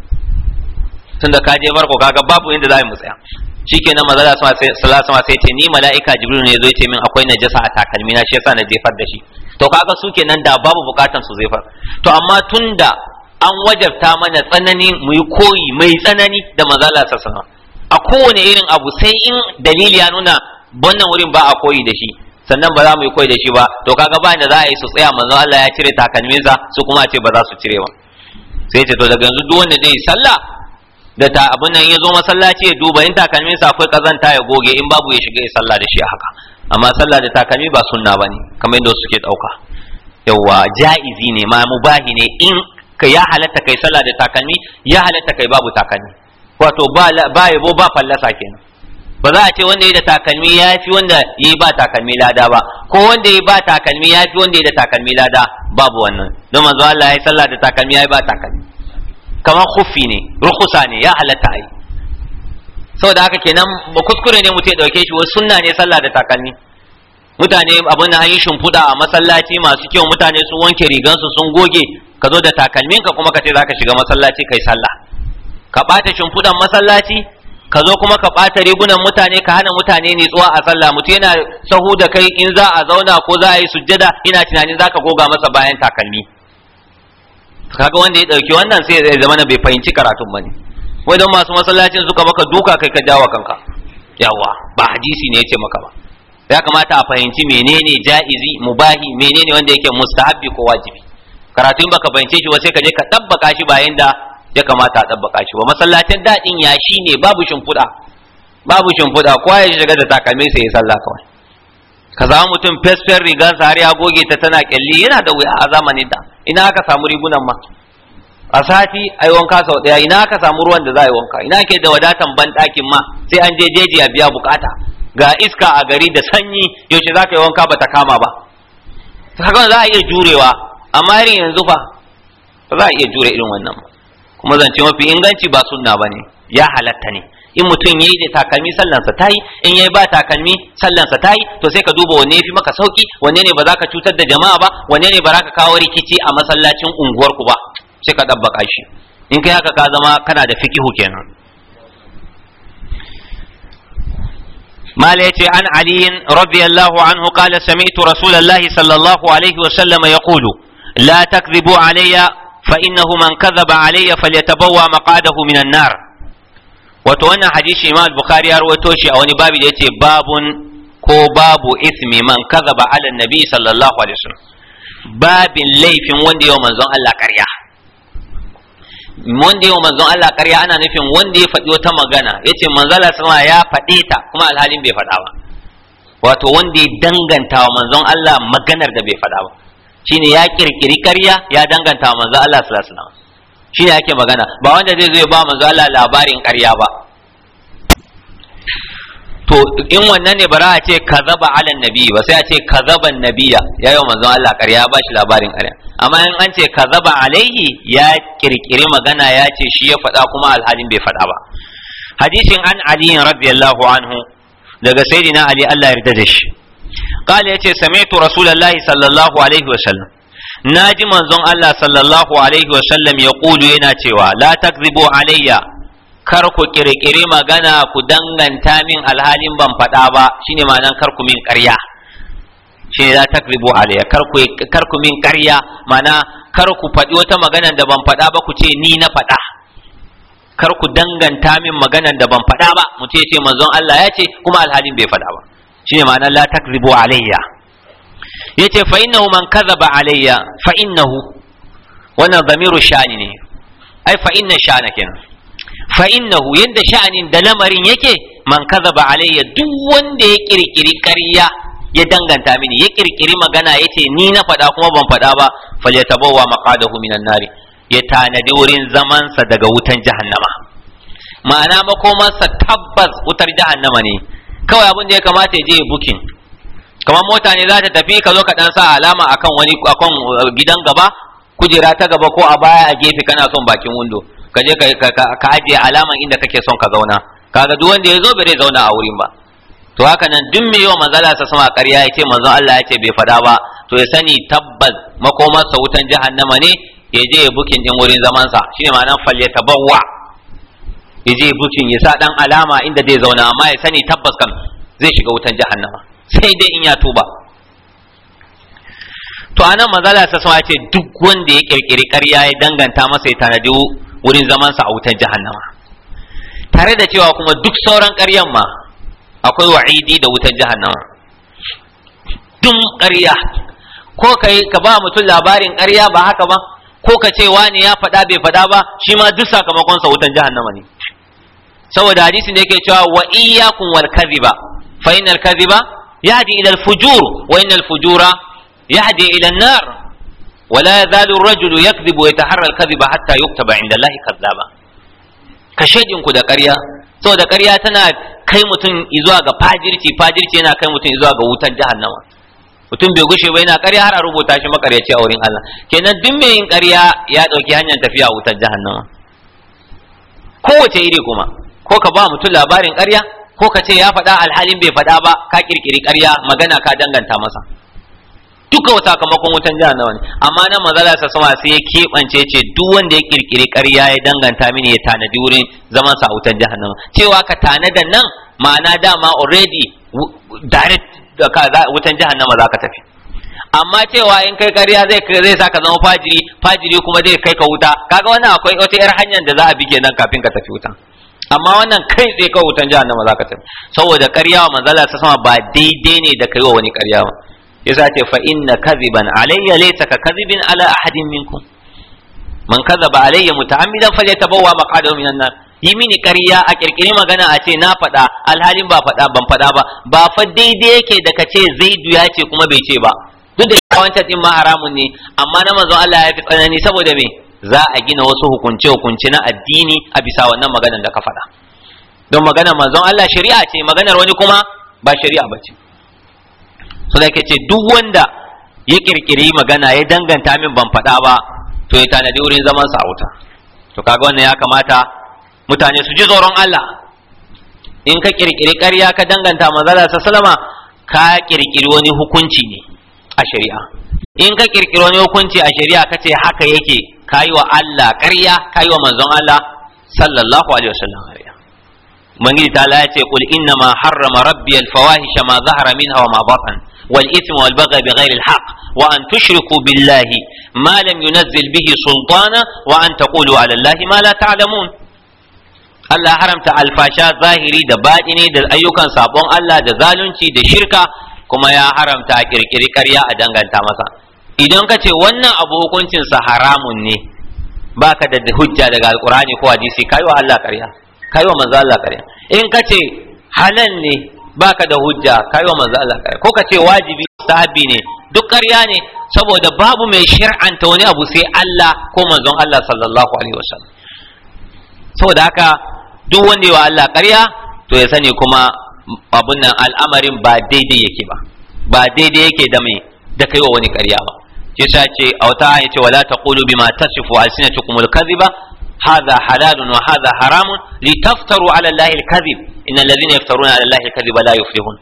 tun da ka jefar ku kaga babu inda za mu tsaya shikenan mazala sama sai sallallahu sama sai ce ni mala'ika jibril ne zo ce min akwai najasa a takalmi na shi yasa na jefar da shi to kaga su kenan da babu bukatan su jefar to amma tun da an wajabta mana tsanani mu yi koyi mai tsanani da mazala sun a kowane irin abu sai in dalili ya nuna wannan wurin ba a koyi da shi sannan ba za mu yi koyi da shi ba to kaga ba da za a yi su tsaya manzo Allah ya cire takalminsa su kuma ce ba za su cire ba sai ce to daga yanzu duk wanda zai sallah da ta abun nan ya zo masallaci ya duba in takalminsa akwai kazanta ya goge in babu ya shiga ya sallah da shi a haka amma sallah da takalmi ba sunna bane kamar yadda suke dauka yawa ja'izi ne ma mubahi ne in ka ya halatta kai sallah da takalmi ya halatta kai babu takalmi wato ba yabo ba fallasa kenan ba za a ce wanda ya da takalmi ya fi wanda ya ba takalmi lada ba ko wanda ya ba takalmi ya fi wanda ya da takalmi lada babu wannan don manzo Allah ya sallah da takalmi ya ba takalmi kamar khuffi ne rukusa ne ya halatta ai saboda haka kenan ba kuskure ne mutum ya dauke shi wai sunna ne sallah da takalmi mutane abin da yi shimfuda a masallaci masu kyau mutane sun wanke rigansu sun goge ka zo da takalmin ka kuma ka ce zaka shiga masallaci kai sallah ka ɓata shimfudan masallaci ka zo kuma ka ɓata rigunan mutane ka hana mutane ne tsuwa a sallah mutum yana sahu da kai in za a zauna ko za a yi sujjada ina tunanin za ka goga masa bayan takalmi kaga wanda ya ɗauki wannan sai ya zama na bai fahimci karatun ba ne wai don masu masallacin suka maka duka kai ka jawa kanka yawa ba hadisi ne ya ce maka ba ya kamata a fahimci menene ja'izi mubahi menene wanda yake mustahabbi ko wajibi Karatun baka fahimce shi ba sai ka je ka tabbaka shi bayan da. ya kamata a tsabbaka shi ba masallacin daɗin ya shi ne babu shimfiɗa babu shimfiɗa kowa ya shiga da takalmin sai ya sallah kawai ka samu mutum fesfen rigansa har ya goge ta tana kyalli yana da wuya a zamanin da ina aka samu rigunan ma a sati ai wanka sau ɗaya ina aka samu ruwan da za a yi wanka ina ke da wadatan banɗakin ma sai an je jeji a biya bukata ga iska a gari da sanyi yaushe za ka yi wanka ba ta kama ba sakamakon za a iya jurewa amma irin yanzu fa ba za a iya jure irin wannan ba kuma zance mafi inganci ba sunna ne ya halatta ne in mutum yayi da takalmi sallansa ta yi in yi ba takalmi sallansa ta yi to sai ka duba wanne yafi maka sauki wanne ne ba za ka cutar da jama'a ba wanne ne ba za ka kawo rikici a masallacin unguwarku ba sai ka dabbaka shi in kai haka ka zama kana da fikihu kenan مالتي عن علي رضي الله عنه قال سمعت رسول الله صلى الله عليه وسلم يقول لا تكذبوا علي فإنه من كذب علي فليتبوى مقعده من النار وتوانا حديث إمام البخاري a أو باب يأتي باب كو باب إثم من كذب على النبي صلى الله عليه وسلم باب ليف وندي يوم زون الله كريا wanda yau manzon Allah ƙarya ana nufin wanda ya faɗi wata magana yace manzala sama ya faɗe ta kuma alhalin bai faɗa ba wato wanda ya danganta wa manzon Allah maganar da bai faɗa ba shine ya kirkiri ƙarya ya danganta wa manzo Allah sallallahu alaihi wasallam shine yake magana ba wanda zai zo ya ba manzo Allah labarin karya ba to in wannan ne bara a ce kazaba ala nabi ba sai a ce kazaban nabiya ya yi Allah ƙarya ba shi labarin ƙarya amma in an ce kazaba alaihi ya kirkiri magana ya ce shi ya faɗa kuma alhalin bai faɗa ba hadisin an ali radiyallahu anhu daga sayyidina ali Allah ya yarda da shi qala yace sami'tu rasulullahi sallallahu alaihi wa sallam naji manzon Allah sallallahu alaihi wa sallam ya kulu yana cewa la takzibu alayya kar ku kirkiri magana ku danganta min alhalin ban faɗa ba shine ma'anan kar ku min ƙarya shine la takzibu alayya kar ku kar ku min ƙarya mana kar ku faɗi wata magana da ban faɗa ba ku ce ni na faɗa kar ku danganta min magana da ban faɗa ba mu ce ce manzon Allah ya ce kuma alhalin bai faɗa ba shine ma'anar la takzibu alayya yace fa innahu man kadhaba alayya fa innahu wannan zamiru sha'ani ne ai fa inna sha'ana kenan fa innahu yanda sha'anin da lamarin yake man kadhaba alayya duk wanda ya kirkiri ƙarya ya danganta mini ya kirkiri magana yace ni na faɗa kuma ban faɗa ba falyatabawwa maqadahu minan nari ya tanadi wurin zamansa daga wutan jahannama ma'ana makomarsa tabbas wutar jahannama ne kawai abin da ya kamata ya je bukin kamar mota ne za ta tafi ka zo ka dan sa alama akan wani akan eh, gidan gaba kujera ta gaba ko a baya a gefe kana son bakin wundo ka je ka ajiye alaman inda kake son ka zauna kaga duk wanda ya zo bai zauna a wurin ba to haka nan duk mai yawa manzala sa sama ƙarya ya ce manzo Allah ya ce bai faɗa ba to ya sani tabbas makomarsa wutan jahannama ne ya je ya bukin din wurin zaman sa shine ma'anar falle tabawwa ya je bucin ya sa dan alama inda zai zauna amma ya sani tabbas kan zai shiga wutan jahannama sai dai in ya tuba to anan manzala sa sama ce duk wanda ya kirkiri karya ya danganta masa ya tanadi wurin zaman sa a wutan jahannama tare da cewa kuma duk sauran ƙaryan ma akwai wa'idi da wutan jahannama duk ƙarya ko kai ka ba mutum labarin karya ba haka ba ko ka ce wani ya faɗa bai faɗa ba shi ma duk sakamakonsa wutan jahannama ne saboda hadisi ne yake cewa wa iyyakum wal kadhiba fa innal kadhiba yahdi ila al fujur wa innal fujura yahdi ila an nar ولا يزال الرجل يكذب ويتحرى الكذب حتى يكتب عند الله كذابا كشجن كدا قريا سو da ƙarya tana kai mutum zuwa ga fajirci fajirci yana kai mutum zuwa ga wutar jahannama mutum bai gushe ba yana ƙarya har a rubuta shi makaryaci a wurin Allah kenan duk mai yin ƙarya ya ɗauki hanyar tafiya wutar jahannama kowace iri kuma ko ka ba mutum labarin ƙarya ko ka ce ya faɗa alhalin bai faɗa ba ka ƙirƙiri ƙarya magana ka danganta masa duka sakamakon wutan jihar nawa ne amma nan za su sama sai ya keɓance ce duk wanda ya ƙirƙiri ƙarya ya danganta mini ya tanadi wurin zaman sa wutan jihar nawa cewa ka tanada nan ma'ana dama already direct da ka wutan jihar nawa za ka tafi amma cewa in kai ƙarya zai zai sa zama fajiri fajiri kuma zai kai ka wuta kaga wannan akwai wata yar hanyar da za a bige nan kafin ka tafi wuta amma wannan kai tsaye kawai wutan ma za ka tafi saboda wa manzala ta sama ba daidai ne da kai wa wani ya sa ce fa inna kadhiban alayya laita ka kadhibin ala ahadin minkum man kadhaba alayya muta'ammidan falyatabawwa maqadahu minan nar yi mini ƙarya a kirkiri magana a ce na faɗa alhalin ba faɗa ban faɗa ba ba fa daidai yake da ka ce zaidu ya ce kuma bai ce ba duk da wancan din ma haramun ne amma na manzon Allah ya fi tsanani saboda me za a gina wasu hukunce hukunce na addini a bisa wannan maganar da ka faɗa don maganar manzon Allah shari'a ce maganar wani kuma ba shari'a ba ce so da ce duk wanda ya kirkiri magana ya danganta min ban faɗa ba to ya tanadi wurin zaman sa wuta to kaga wannan ya kamata mutane su ji tsoron Allah in ka kirkiri ƙarya ka danganta manzala sallama ka kirkiri wani hukunci ne a shari'a in ka kirkiri wani hukunci a shari'a ka ce haka yake kayi wa Allah ƙarya kayi wa manzon Allah sallallahu alaihi wasallam ƙarya ubangiji ta Allah ya ce qul inna ma harrama rabbi al fawahisha ma zahara minha wa ma batan wal ithma wal baghy bighairi al haqq wa an tushriku billahi ma lam yunzil bihi sultana wa an taqulu ala Allah ma la ta'lamun Allah haramta alfasha zahiri da ne da ayyukan sabon Allah da zalunci da shirka kuma ya haramta kirkiri ƙarya a danganta masa idan ka ce wannan abu hukuncinsa haramun ne ba ka da hujja daga alkurani ko hadisi Ka yi wa Allah ƙarya yi wa manzo Allah ƙarya in ka ce halal ne Ba ka da hujja Ka yi wa manzo Allah ƙarya ko ka ce wajibi sahabi ne duk ƙarya ne saboda babu mai shir'anta wani abu sai Allah ko manzon Allah sallallahu alaihi wasallam saboda haka duk wanda wa Allah ƙarya to ya sani kuma abun nan al'amarin ba daidai yake ba ba daidai yake da mai da kai wa wani ƙarya ba yasa ce a wata ce wala taqulu bima tasifu alsinatukum alkaziba hadha halalun wa hadha haramun litaftaru ala allahi alkazib innal ladhina yaftaruna ala allahi alkaziba la yuflihun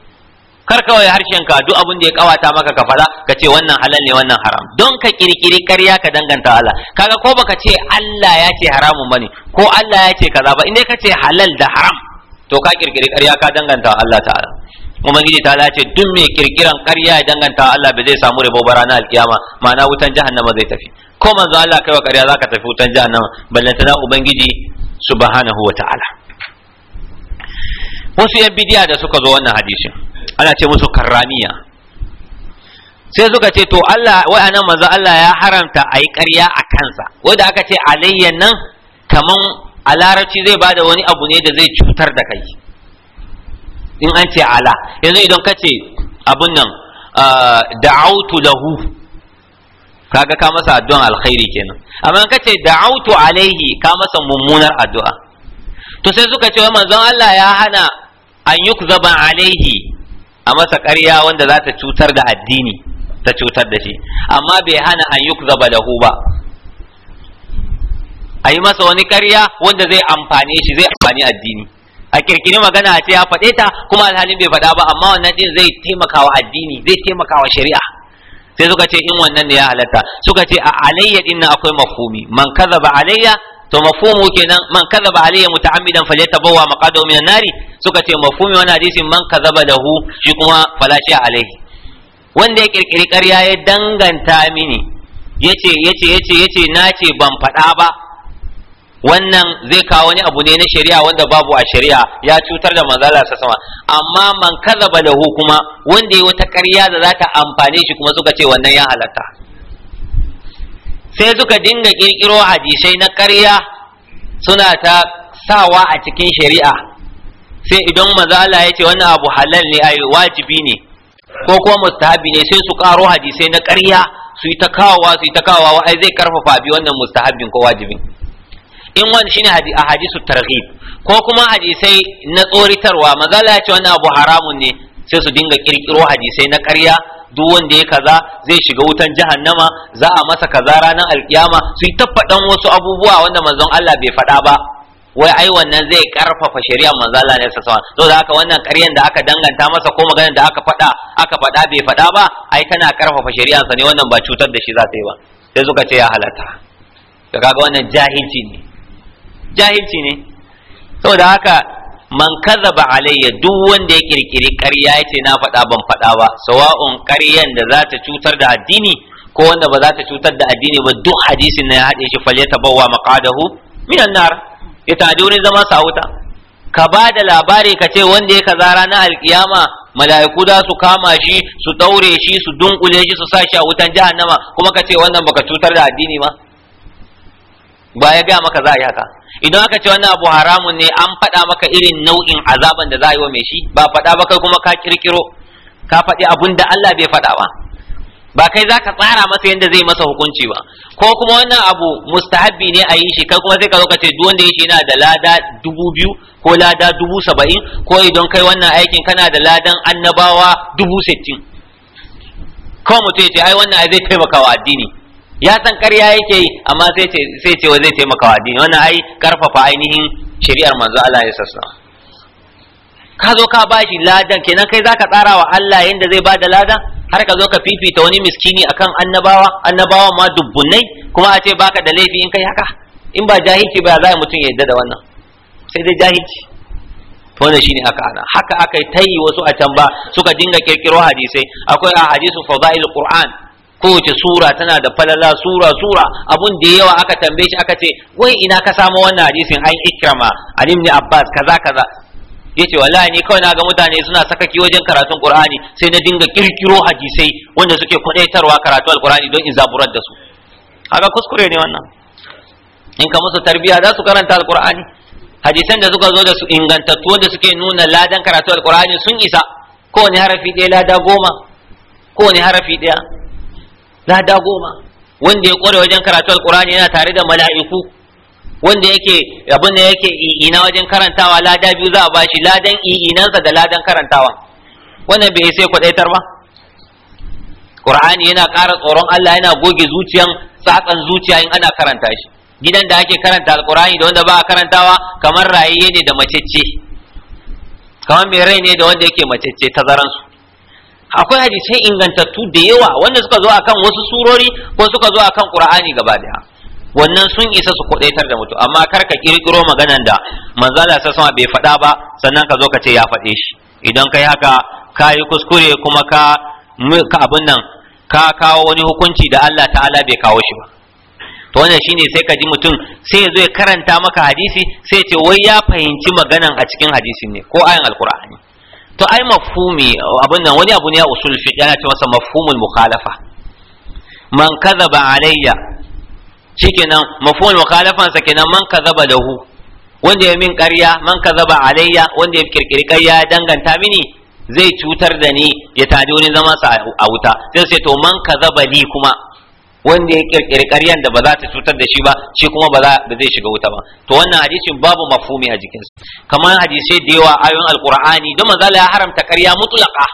kar kawai harshen ka duk abin da ya kawata maka ka fada ka ce wannan halal ne wannan haram don ka kirkiri karya ka danganta Allah kaga ko baka ce Allah ya ce haramun bane ko Allah ya ce kaza ba indai ka ce halal da haram to ka kirkiri karya ka danganta Allah ta'ala ubangiji ta lace duk mai kirkiran ƙarya ya danganta Allah ba zai samu rabo ba ranar alkiyama ma'ana wutan jahannama zai tafi ko manzo Allah kai wa ƙarya zaka tafi wutan jahannama ballanta na ubangiji subhanahu wata'ala wasu yan bidiya da suka zo wannan hadisin ana ce musu karramiya sai suka ce to Allah wai anan manzo Allah ya haramta ayi karya a kansa wanda aka ce alayyan nan kaman a larabci zai bada wani abu ne da zai cutar da kai in an ce ala yanzu idan ka ce abun nan da'autu lahu kaga ka masa addu'an alkhairi kenan amma in ka ce da'autu alaihi ka masa mummunar addu'a to sai suka ce manzon Allah ya hana an yukzaba alaihi a masa ƙarya wanda za ta cutar da addini ta cutar da shi amma bai hana an yukzaba lahu ba a yi masa wani ƙarya wanda zai amfane shi zai amfani addini a kirkiri magana a ce ya faɗe ta kuma alhalin bai faɗa ba amma wannan din zai taimakawa addini zai taimakawa shari'a sai suka ce in wannan ne ya halatta suka ce a alayya din nan akwai mafhumi man kazaba alayya to mafhumu kenan man kazaba alayya muta'ammidan falyatabawwa maqadahu minan nari suka ce mafhumi wannan hadisi man kazaba lahu shi kuma falashi alayhi wanda ya kirkiri ƙarya ya danganta mini yace yace yace yace na ban faɗa ba wannan zai kawo wani abu ne na shari'a wanda babu a shari'a ya cutar da manzala sa sama amma man kazaba lahu kuma wanda yi wata ƙarya da za ta amfane shi kuma suka ce wannan ya halatta sai suka dinga kirkiro hadisai na ƙarya suna ta sawa a cikin shari'a sai idan manzo Allah ya ce wannan abu halal ne ai wajibi ne ko kuma mustahabi ne sai su karo hadisai na ƙarya su yi ta kawowa su yi ta kawowa ai zai karfafa bi wannan mustahabin ko wajibin in wani shine a hadisu targhib ko kuma hadisai na tsoritarwa magana ce wannan abu haramun ne sai su dinga kirkiro hadisai na ƙarya duk wanda ya kaza zai shiga wutan jahannama za a masa kaza ranar alkiyama su yi tabbatan wasu abubuwa wanda manzon Allah bai faɗa ba wai ai wannan zai karfafa shari'ar manzon Allah ne sasa to da haka wannan ƙaryan da aka danganta masa ko magana da aka faɗa aka faɗa bai faɗa ba ai tana karfafa sa ne wannan ba cutar da shi za ta yi ba sai suka ce ya halata kaga wannan jahilci ne jahilci ne saboda haka man kazaba alayya duk wanda ya kirkiri ƙarya ya ce na faɗa ban faɗa ba sawa'un ƙaryan da za ta cutar da addini ko wanda ba za ta cutar da addini ba duk hadisin na ya haɗe shi falyata bawa maqadahu minan nar ya tanadi wurin zama sa wuta ka ba da labari ka ce wanda ya kaza ranar alkiyama mala'iku za su kama shi su ɗaure shi su dunkule shi su sa shi a wutan jahannama kuma ka ce wannan baka cutar da addini ba ba ya gaya maka za a yi haka idan aka ce wannan abu haramun ne an faɗa maka irin nau'in azaban da za a yi wa mai shi ba faɗa ba kai kuma ka kirkiro ka faɗi abun da Allah bai faɗa ba ba kai za ka tsara masa yadda zai masa hukunci ba ko kuma wannan abu mustahabbi ne a yi shi kai kuma sai ka zo ka ce duk wanda ya yana da lada dubu biyu ko lada dubu saba'in ko idan kai wannan aikin kana da ladan annabawa dubu sittin kawai mutum ya ce ai wannan ai zai taimaka wa addini ya san ƙarya yake yi amma sai ce zai taimaka wa addini wannan ai karfafa ainihin shari'ar manzo Allah ya sassa ka zo ka bashi ladan kenan kai zaka tsara wa Allah yanda zai bada ladan har ka zo ka fifita wani miskini akan annabawa annabawa ma dubbunai kuma a ce baka da laifi in kai haka in ba jahilci ba za mutum ya yadda da wannan sai dai jahilci to ne shine haka ana haka aka yi tayi wasu a can ba suka dinga kirkiro hadisai akwai a hadisu fadailul qur'an kowace sura tana da falala sura sura abun da yawa aka tambaye shi aka ce wai ina ka samu wannan hadisin an ikrama alim ne abbas kaza kaza yace wallahi ni kawai ga mutane suna sakaki wajen karatun qur'ani sai na dinga kirkiro hadisai wanda suke kwadaitarwa karatu alqur'ani don in zaburar da su kaga kuskure ne wannan in ka musu tarbiya za su karanta alqur'ani hadisan da suka zo da su ingantattu wanda suke nuna ladan karatu alqur'ani sun isa kowane harafi ɗaya lada goma kowane harafi ɗaya lada goma wanda ya kware wajen karatu alkurani yana tare da mala'iku wanda yake abin da yake ina wajen karantawa lada biyu za a bashi ladan i'inansa da ladan karantawa wannan bai sai kwadaitar ba qur'ani yana ƙara tsoron Allah yana goge zuciyan sakan zuciya in ana karanta shi gidan da ake karanta alkurani da wanda ba a karantawa kamar rayayye ne da macece kamar mai rai ne da wanda yake tazaran tazaransu akwai hadisai ingantattu da yawa wanda suka zo akan wasu surori ko suka zo akan qur'ani gaba daya wannan sun isa su kudaitar da mutu amma kar ka kirkiro maganan da manzala sa sama bai faɗa ba sannan ka zo ka ce ya faɗe shi idan kai haka ka yi kuskure kuma ka ka abin nan ka kawo wani hukunci da Allah ta'ala bai kawo shi ba to wannan shine sai ka ji mutum sai ya zo ya karanta maka hadisi sai ya ce wai ya fahimci maganan a cikin hadisin ne ko ayan alqur'ani to ai mafhumi abin nan wani abu ne a usul fiqh yana ce masa mafhumul mukhalafa man kadhaba alayya shikenan mafhumul mukhalafan sa kenan man kadhaba lahu wanda ya min ƙarya man kadhaba alayya wanda ya kirkiri ƙarya ya danganta mini zai cutar da ni ya tadi wani zama sa a wuta sai sai to man kadhaba li kuma wanda ya kirkiri ƙaryan da ba za ta cutar da shi ba shi kuma ba zai shiga wuta ba to wannan hadisin babu mafhumi a jikinsa kamar hadisai da yawa ayoyin alqur'ani don manzala ya haramta ƙarya mutlaka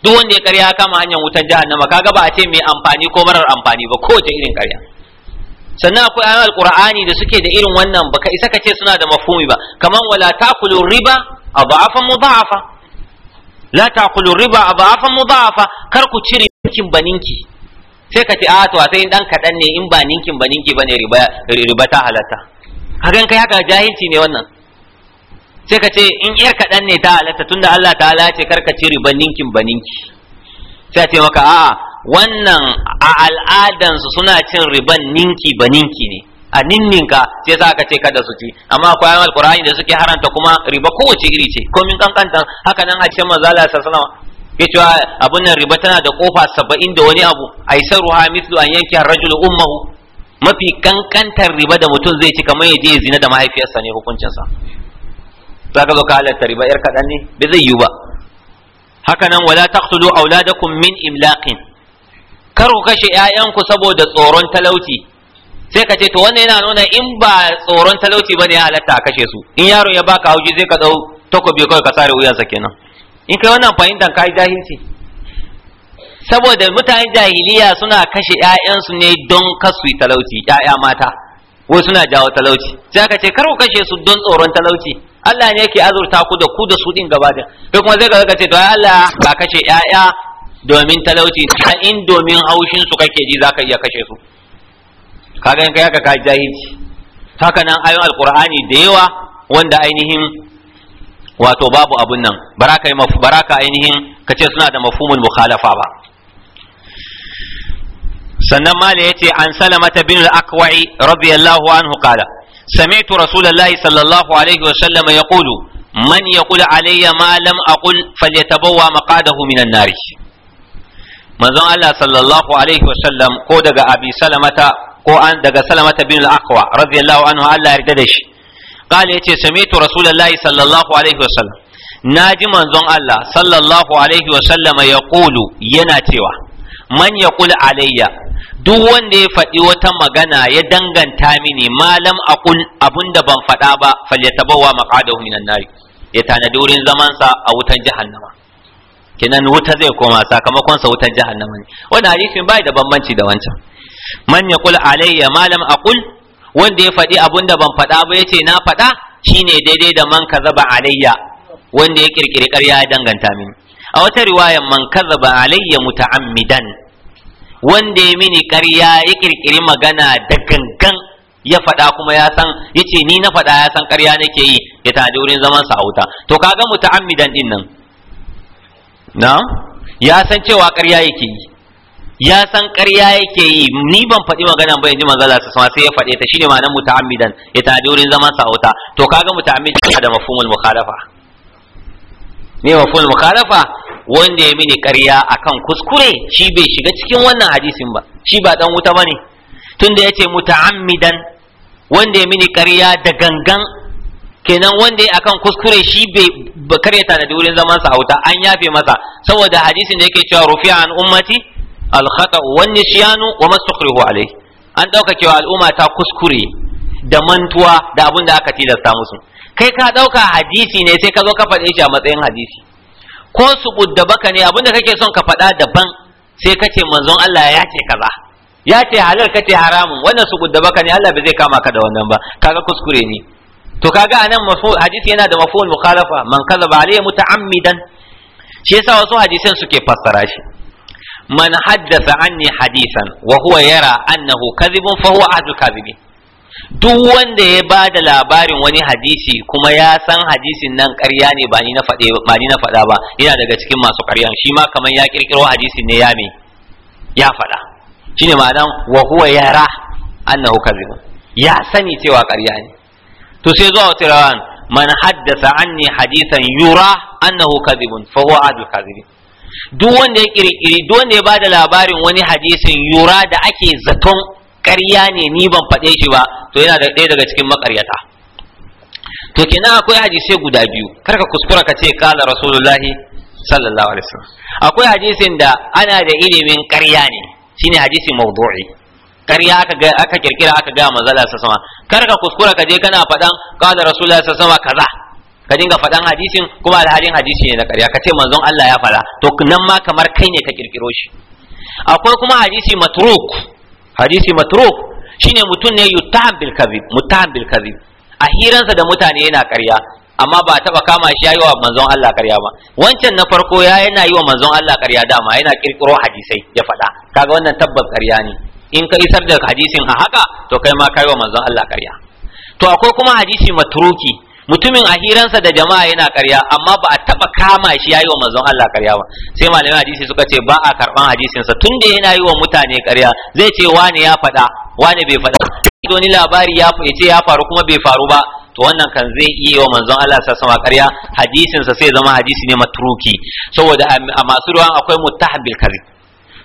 duk wanda ya ƙarya kama hanyar wutan jahannama kaga ba a ce mai amfani ko marar amfani ba kowace irin ƙarya sannan akwai ayoyin alqur'ani da suke da irin wannan baka isa ka ce suna da mafhumi ba kamar wala takulu riba adafan mudha'afa la takulu riba adafan mudha'afa kar ku cire bankin baninki sai ka ce ah, a to sai dan kaɗan ne in ba ninkin ba ninki bane riba riba ta halatta hakan kai haka jahilci ne wannan sai ka ce in yar kaɗan ne ta halatta tunda Allah ta'ala ce karka ci riba ninkin ba ninki sai ce maka a wannan a al'adansu suna cin riban ninki ba ninki ne a ninninka sai sa aka ce kada su ci amma akwai ayan alqur'ani da suke haranta kuma riba kowace iri ce komin kankantan haka nan a cikin manzala sallallahu ke cewa abun nan riba tana da kofa saba'in da wani abu A aisaruha mislu an yanki rajulu ummahu mafi kankantar riba da mutum zai ci kamar ya je ya zina da mahaifiyarsa ne hukuncinsa za ka zo ka halatta riba yar kaɗan ne bai zai yiwu ba haka nan wala taqtulu auladakum min imlaqin kar ku kashe ƴaƴanku saboda tsoron talauci sai ka ce to wannan yana nuna in ba tsoron talauci bane ya halatta a kashe su in yaro ya baka hauji zai ka dau takobi kawai ka sare wuyansa kenan in kai wannan fahimtar ka yi jahilci saboda mutanen jahiliya suna kashe 'ya'yansu ne don kasu talauci 'ya'ya mata wai suna jawo talauci sai aka ce kar ku kashe su don tsoron talauci Allah ne yake azurta ku da ku da su din gaba da kai kuma sai ka ce to Allah ba kashe 'ya'ya domin talauci ta in domin haushin su kake ji zaka iya kashe su kaga in kai haka ka jahilci haka nan ayoyin alqur'ani da yawa wanda ainihin wato babu abun nan baraka baraka ainihin ce suna da mafhumul mukhalafa ba sannan ya ce an salamata bin al-aqwa'i radiyallahu anhu qala سمعت رسول الله صلى ya عليه man ya kula يقول علي ما لم أقل فليتبوى مقعده من النار manzon Allah sallallahu alaihi wasallam ko daga Abi Salamata ko an daga Salamata bin al-Aqwa radiyallahu anhu Allah ya yarda da shi قال يتي سمعت رسول الله صلى الله عليه وسلم ناجي منزون الله صلى الله عليه وسلم يقول ينا من يقول علي duk wanda ya faɗi wata magana ya danganta mini malam akul abun da ban faɗa ba falyatabawa maqadahu minan nari ya tanadi wurin zamansa a wutan jahannama Kinan wuta zai koma sakamakon sa wutan jahannama ne wannan hadisin bai da bambanci da wancan man yaqul alayya malam akul wanda ya faɗi abun da ban faɗa ba ya ce na faɗa shine daidai da man kazaba alayya wanda ya kirkiri ƙarya ya danganta mini a wata riwaya man zaba alayya muta'ammidan wanda ya mini ƙarya ya kirkiri magana da gangan ya faɗa kuma ya san yace ni na faɗa ya san ƙarya nake yi ya taje wurin zaman sa wuta to kaga muta'ammidan din nan na ya san cewa ƙarya yake yi ya san ƙarya yake yi ni ban faɗi magana ba yanzu manzo Allah sama sai ya faɗe ta shine ma'anar muta'ammidan ya tadi wurin zaman sa to kaga muta'ammid yana da mafhumul mukhalafa ne mafhumul mukhalafa wanda ya mini ƙarya akan kuskure shi bai shiga cikin wannan hadisin ba shi ba dan wuta bane tunda yace muta'ammidan wanda ya mini ƙarya da gangan kenan wanda ya akan kuskure shi bai karyata da wurin zaman sa an yafe masa saboda hadisin da yake cewa rufi'an ummati alkhata wan nisyanu wa mastukhrihu alai an dauka cewa al'umma ta kuskure da mantuwa da abin da aka tilasta musu kai ka dauka hadisi ne sai ka zo ka fade shi a matsayin hadisi ko su budda baka ne abin da kake son ka fada daban sai kace manzon Allah ya ce kaza ya ce halal kace haramun wannan su budda baka ne Allah ba zai kama ka da wannan ba kaga kuskure ne to kaga anan hadisi yana da mafhumul mukhalafa man ba alayhi muta'ammidan shi yasa wasu hadisan suke fassara shi man haddasa anni hadisan wa huwa yara annahu kadhibun fa huwa ahlul duk wanda ya ba da labarin wani hadisi kuma ya san hadisin nan ƙarya ne ba ni na faɗa ba yana daga cikin masu ƙarya shi ma kamar ya ƙirƙiro hadisin ne ya me ya faɗa shine ma'anan wa huwa yara annahu kadhibun ya sani cewa ƙarya ne to sai zuwa wata rawan man haddasa anni hadisan yura annahu kadhibun fa huwa adul kadhibin duk wanda ya kirkiri duk wanda ya bada labarin wani hadisin yura da ake zaton ƙarya ne ni ban faɗe shi ba to yana da ɗaya daga cikin maƙaryata to kenan akwai hadisai guda biyu kar ka kuskura ka ce kala rasulullahi sallallahu alaihi wasallam akwai hadisin da ana da ilimin ƙarya ne shine hadisi mawdu'i ƙarya aka ga aka kirkira aka ga manzala sama kar ka kuskura ka je kana faɗan kala rasulullahi sallallahu alaihi wasallam kaza ka dinga faɗan hadisin kuma alhalin hadisi ne na ƙarya ka ce manzon Allah ya faɗa to nan ma kamar kai ne ka kirkiro shi akwai kuma hadisi matruk hadisi matruk shine mutum ne yutaham bil kadhib mutaham bil kadhib a hiransa da mutane yana ƙarya amma ba taba kama shi yayi wa manzon Allah ƙarya ba wancan na farko ya yana yi wa manzon Allah ƙarya dama yana kirkiro hadisai ya faɗa kaga wannan tabbas ƙarya ne in ka isar da hadisin a haka to kai ma kai wa manzon Allah ƙarya to akwai kuma hadisi matruki mutumin a hiransa da jama'a yana karya amma ba a taba kama shi yayi wa manzon Allah karya ba sai malamin hadisi suka ce ba a karban hadisin sa tunda yana yi wa mutane karya zai ce wani ya faɗa wani bai faɗa wani labari ya ce ya faru kuma bai faru ba to wannan kan zai iya wa manzon Allah sa sama karya hadisinsa sa sai zama hadisi ne matruki saboda a masu ruwan akwai mutahabbil kazi.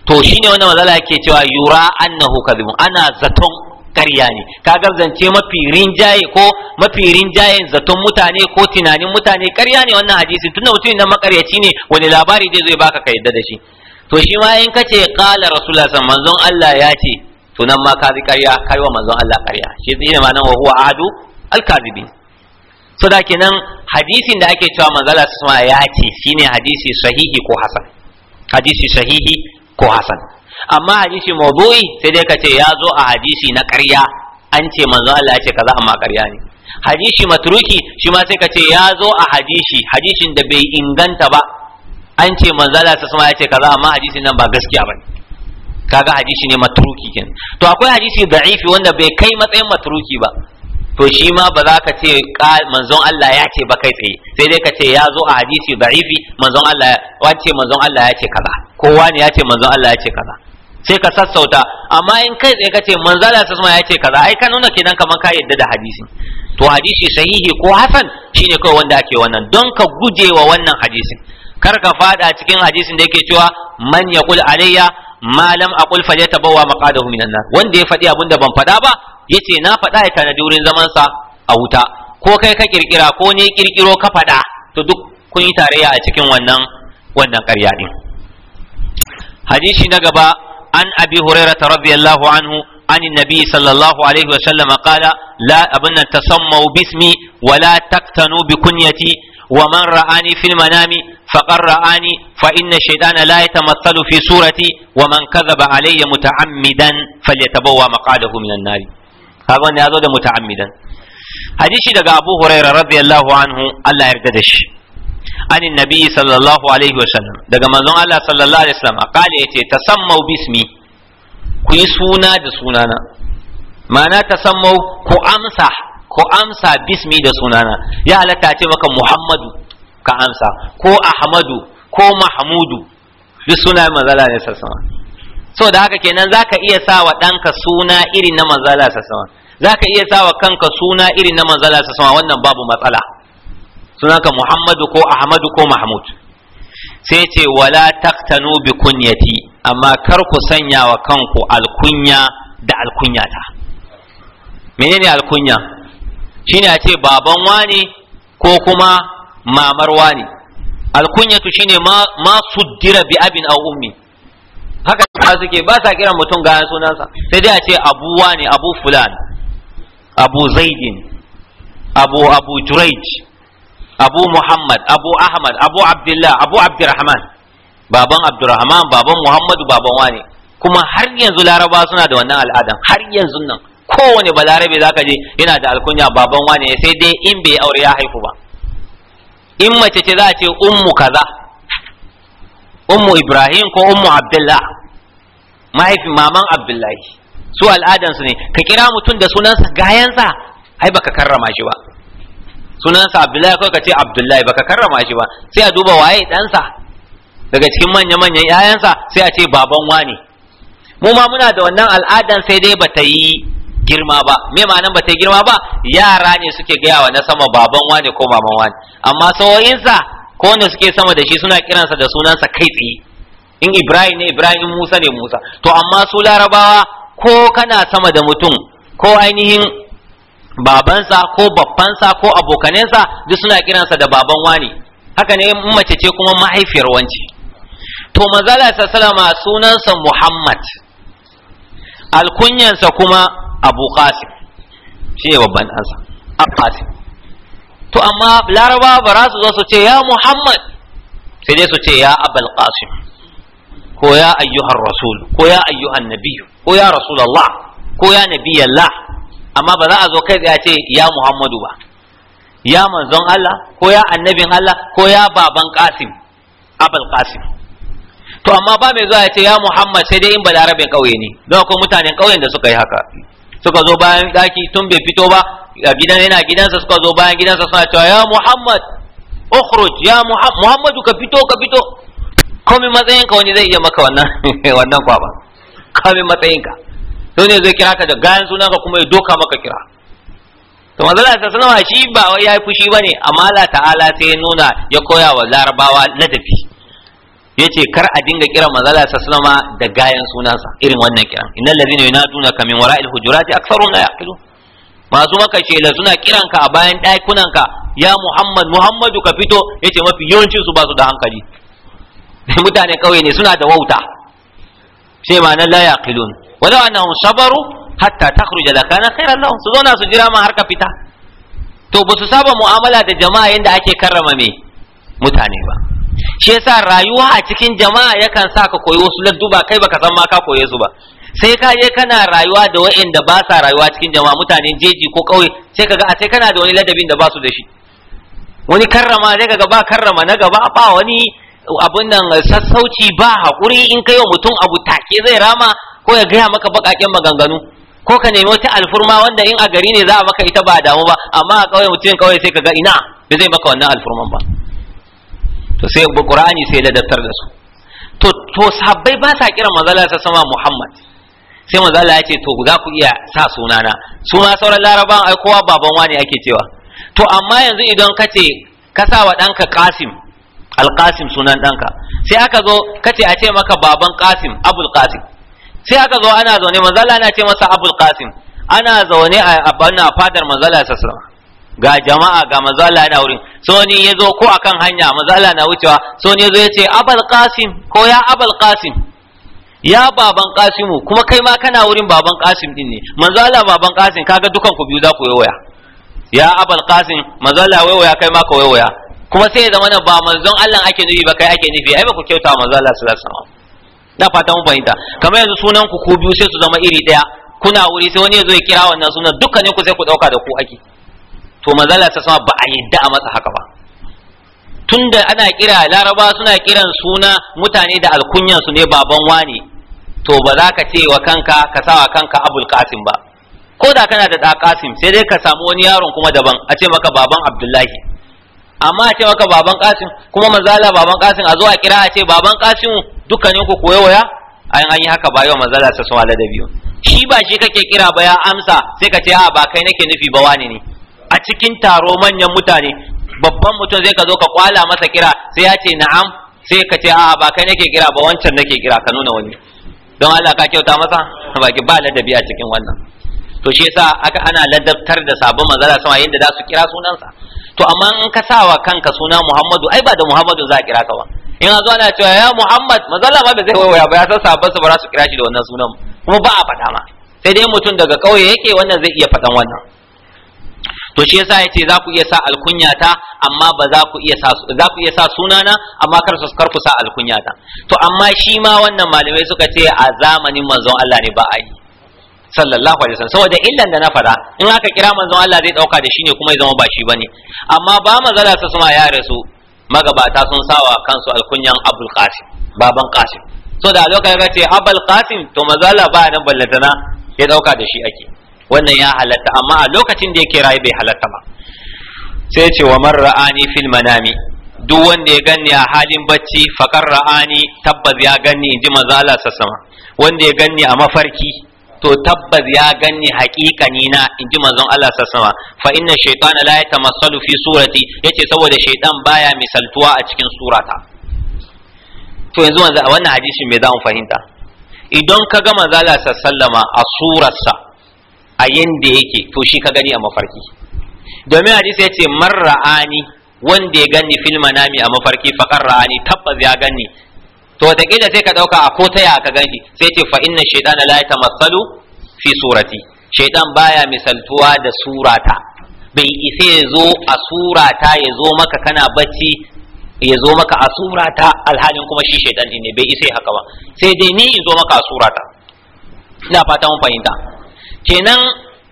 to shine wannan mazala yake cewa yura annahu kadhibun ana zaton ƙarya ne kaga zance mafi rinjaye ko mafi rinjayen zaton mutane ko tunanin mutane ƙarya ne wannan hadisin tunda mutumin nan makaryaci ne wani labari zai zo ya baka ka yadda da shi to shi ma in kace qala rasulullah manzon Allah ya ce to nan ma kazi ƙarya kai wa manzon Allah ƙarya shi ne ma nan wa huwa ahadu al so da kenan hadisin da ake cewa manzala su ya ce shine hadisi sahihi ko hasan hadisi sahihi ko hasan amma hadisi mawdu'i sai dai ka ce ya zo a hadisi na ƙarya an ce manzo Allah ya ce kaza amma ƙarya ne hadisi matruki shi ma sai ka ce ya zo a hadisi hadisin da bai inganta ba an ce manzo Allah ya ce kaza amma hadisin nan ba gaskiya bane kaga hadisi ne matruki kin to akwai hadisi da'ifi wanda bai kai matsayin matruki ba to shi ma ba za ka ce manzon Allah ya ce ba kai tsaye sai dai ka ce ya zo a hadisi da'ifi manzon Allah wance manzon Allah ya ce kaza kowa ne ya ce manzon Allah ya ce kaza sai ka sassauta amma in kai tsaye ka ce manzala sasma ya ce kaza ai ka nuna kenan kamar ka yadda da hadisi. to hadisi sahihi ko hasan shine kawai wanda ake wannan don ka guje wa wannan hadisi. kar ka fada cikin hadisin da yake cewa man yaqul alayya ma lam aqul falyatabawwa maqadahu minan nar wanda ya faɗi abin ban fada ba yace na faɗa ya tanadi wurin zaman sa a wuta ko kai ka kirkira ko ne kirkiro ka faɗa to duk kun yi tarayya a cikin wannan wannan ƙarya din hadisi na gaba an abi hurairata radiyallahu anhu عن النبي صلى الله عليه وسلم قال لا أبن تسموا باسمي ولا تقتنوا بكنيتي ومن رآني في المنام فقد رآني فإن الشيطان لا يتمثل في صورتي ومن كذب علي متعمدا فليتبوى مقعده من النار هذا أن هذا متعمدا حديث daga Abu Hurairah radiyallahu anhu Allah yarda da shi عن النبي صلى الله عليه وسلم daga manzon Allah sallallahu alaihi wasallam kale yace tasammau bismi ku yi suna da sunana ma'ana tasammau ku amsa ku amsa bismi da sunana ya halatta ce maka Muhammadu ka amsa ko Ahmadu ko Mahmudu duk suna manzala ne sassama so da haka kenan zaka iya sa wa ɗanka suna irin na manzala sassama zaka iya sa wa kanka suna irin na manzala sassama wannan babu matsala sunanka muhammadu ko ahmadu ko mahmud sai ce wala taqtanu bi kunyati amma kar ku sanya wa kanku alkunya da alkunyata menene alkunya shine a ce baban wani ko kuma mamar wani alkunyatu shine ma, suddira bi abin aw ummi haka ba suke ba sa kiran mutum ga sunansa sai dai a ce abu wani abu fulan abu zaidin abu abu juraij abu muhammad abu ahmad abu abdullah abu abdurrahman baban abdurrahman baban muhammadu baban wani kuma har yanzu laraba suna da wannan al'adan har yanzu nan kowane balarabe zaka je yana da alkunya baban wani sai dai in bai aure ya haifu ba in mace ce za a ce ummu kaza ummu ibrahim ko ummu abdullah mahaifin maman abdullahi su al'adansu ne ka kira mutum da sunansa gayansa ai baka karrama shi ba sunansa abdullahi kawai ka ce abdullahi baka karrama shi ba sai a duba waye ɗansa daga cikin manya-manyan 'ya'yansa sai a ce baban wani mu ma muna da wannan al'adan sai dai bata yi girma ba me ma'anan bata yi girma ba yara ne suke gaya wa na sama baban wani ko maman wani amma sawoyinsa ko wanda suke sama da shi suna kiransa da sunansa kai tsaye in ibrahim ne ibrahim musa ne musa to amma su larabawa ko kana sama da mutum ko ainihin babansa ko babbansa ko abokanensa duk suna kiransa da baban wani haka ne mace ce kuma mahaifiyar wance to manzala sallama sunansa muhammad alkunyansa kuma abu qasim shine ne babban Abu qasim to amma laraba ba za su zo su ce ya muhammad sai dai su ce ya abul qasim ko ya ayyuhar rasul ko ya ayyuhan nabiyyu ko ya rasulullah ko ya nabiyallah amma ba za a zo kai ga ce ya Muhammadu ba ya manzon Allah ko ya annabin Allah ko ya baban Qasim Abul Qasim to amma ba mai zuwa ya ce ya Muhammad sai dai in ba larabin kauye ne don akwai mutanen kauyen da suka yi haka suka zo bayan daki tun bai fito ba a gidan yana gidansa suka zo bayan gidansa suna cewa ya Muhammad ukhruj ya Muhammadu ka fito ka fito komai matsayinka wani zai iya maka wannan wannan kwaba komai matsayinka to ne zai kira ka da gayan suna ka kuma ya doka maka kira to ta sanawa shi ba wai ya yi fushi bane amma Allah ta'ala sai nuna ya koya wa larabawa ladabi yace kar a dinga kira manzala ta sanawa da gayan sa irin wannan kira innal ladina yunaduna ka min wara'il hujurati aktharun la yaqilu masu maka shela suna kiran ka a bayan ka ya muhammad muhammadu ka fito yace mafi yawancin su ba su da hankali mutane kauye ne suna da wauta sai ma nan la yaqilun walau annahum sabaru hatta takhruja lakana khairan lau su zauna su jira ma har ka fita to ba su saba mu'amala da jama'a yanda ake karrama me mutane ba shi yasa rayuwa a cikin jama'a yakan sa ka koyi wasu ladduba kai baka san ma ka koye su ba sai ka je kana rayuwa da wa'inda ba sa rayuwa cikin jama'a mutanen jeji ko kauye. sai kaga a sai kana da wani ladabin da ba su da shi wani karrama sai kaga ba karrama na gaba ba wani abin nan sassauci ba haƙuri in kai wa mutum abu take zai rama ko ya gaya maka baƙaƙen maganganu ko ka nemi wata alfurma wanda in a gari ne za a maka ita ba a damu ba amma a ƙauye mutum kawai sai ka ga ina ba zai maka wannan alfurman ba to sai qur'ani sai da daftar da su to to sabbai ba sa kiran manzala sa sama muhammad sai manzala ya ce to za ku iya sa sunana Su ma sauran larabawan ai kowa baban wani ake cewa to amma yanzu idan ka ce ka sa wa ɗanka kasim alqasim sunan ɗanka sai aka zo kace a ce maka baban qasim abul qasim sai aka zo ana zaune manzala ana ce masa abul qasim ana zaune a Abana fadar manzala sallallahu ga jama'a ga manzala na wurin so ni yazo ko akan hanya manzala na wucewa so ni yazo yace abul qasim ko ya abul qasim ya baban qasimu kuma kai ma kana wurin baban qasim din ne manzala baban qasim kaga dukan ku biyu za ku yi waya ya abul qasim manzala waya kai ma ka waya kuma sai ya zama na ba manzon Allah ake nufi ba kai ake nufi ai ba ku kyauta manzon Allah sallallahu alaihi wasallam na fata mun fahimta kamar yanzu sunan ku ku biyu sai su zama iri daya kuna wuri sai wani ya zo ya kira wannan sunan dukkanin ku sai ku dauka da ku ake to manzon Allah sallallahu alaihi wasallam ba a yadda a masa haka ba tunda ana kira laraba suna kiran suna mutane da alkunyan su ne baban wani to ba za ka ce wa kanka ka sa wa kanka abul qasim ba ko da kana da da qasim sai dai ka samu wani yaron kuma daban a ce maka baban abdullahi amma a ce maka baban kasim kuma manzala baban kasim a zo a kira a ce baban kasim dukkanin ku koyo waya an an yi haka ba yau manzala sa sun da biyu shi ba shi kake kira ba ya amsa sai ka ce a ba kai nake nufi ba wani ne a cikin taro manyan mutane babban mutum zai ka zo ka kwala masa kira sai ya ce na'am sai ka ce a ba kai nake kira ba wancan nake kira ka nuna wani don Allah ka kyauta masa ba ki ba ladabi a cikin wannan to shi yasa aka ana ladabtar da sabon manzala sama yadda za su kira sunansa to amma in ka sawa kanka suna Muhammadu ai ba da Muhammadu za a kira ka ba in a ana cewa ya Muhammad manzala ma ba zai waya ba ya san sabon su ba za su kira shi da wannan sunan kuma ba a faɗa ma sai dai mutum daga kauye yake wannan zai iya faɗan wannan to shi yasa yace za ku iya sa alkunyata amma ba za ku iya sa za ku iya sa sunana amma kar su kar ku sa alkunyata to amma shi ma wannan malamai suka ce a zamanin manzon Allah ne ba a yi sallallahu alaihi wasallam saboda illan da na fada in aka kira manzon Allah zai dauka da shi ne kuma ya zama ba shi bane amma ba manzala su suma ya rasu magabata sun sawa kansu alkunyan Abul Qasim baban Qasim so da lokacin ka ce Abul Qasim to mazala ba nan ballatana ya dauka da shi ake wannan ya halatta amma a lokacin da yake rayu bai halatta ba sai ce wa man ra'ani fil manami duk wanda ya ganni a halin bacci fakar ra'ani tabbas ya ganni inji manzo Allah sassama wanda ya ganni a mafarki to tabbas ya ganni ni na inji manzon Allah sassama fa inna shaitan la tamassalu fi surati yace saboda shaitan baya misaltuwa a cikin surata to yanzu wanzu a wannan hadisi me za mu fahimta idan ka ga manzon Allah sallama a surarsa a yanda yake to shi ka gani a mafarki domin hadisi yace man ra'ani wanda ya ganni fil manami a mafarki fa ra'ani tabbas ya ganni to wataƙila sai ka ɗauka a ko taya ka gani sai ce fa inna shaitana la yatamassalu fi surati shaitan baya misaltuwa da surata bai isa ya zo a surata ya zo maka kana bacci ya zo maka a surata alhalin kuma shi shaitan din ne bai isa haka ba sai dai ni in zo maka a surata ina fata mun fahimta kenan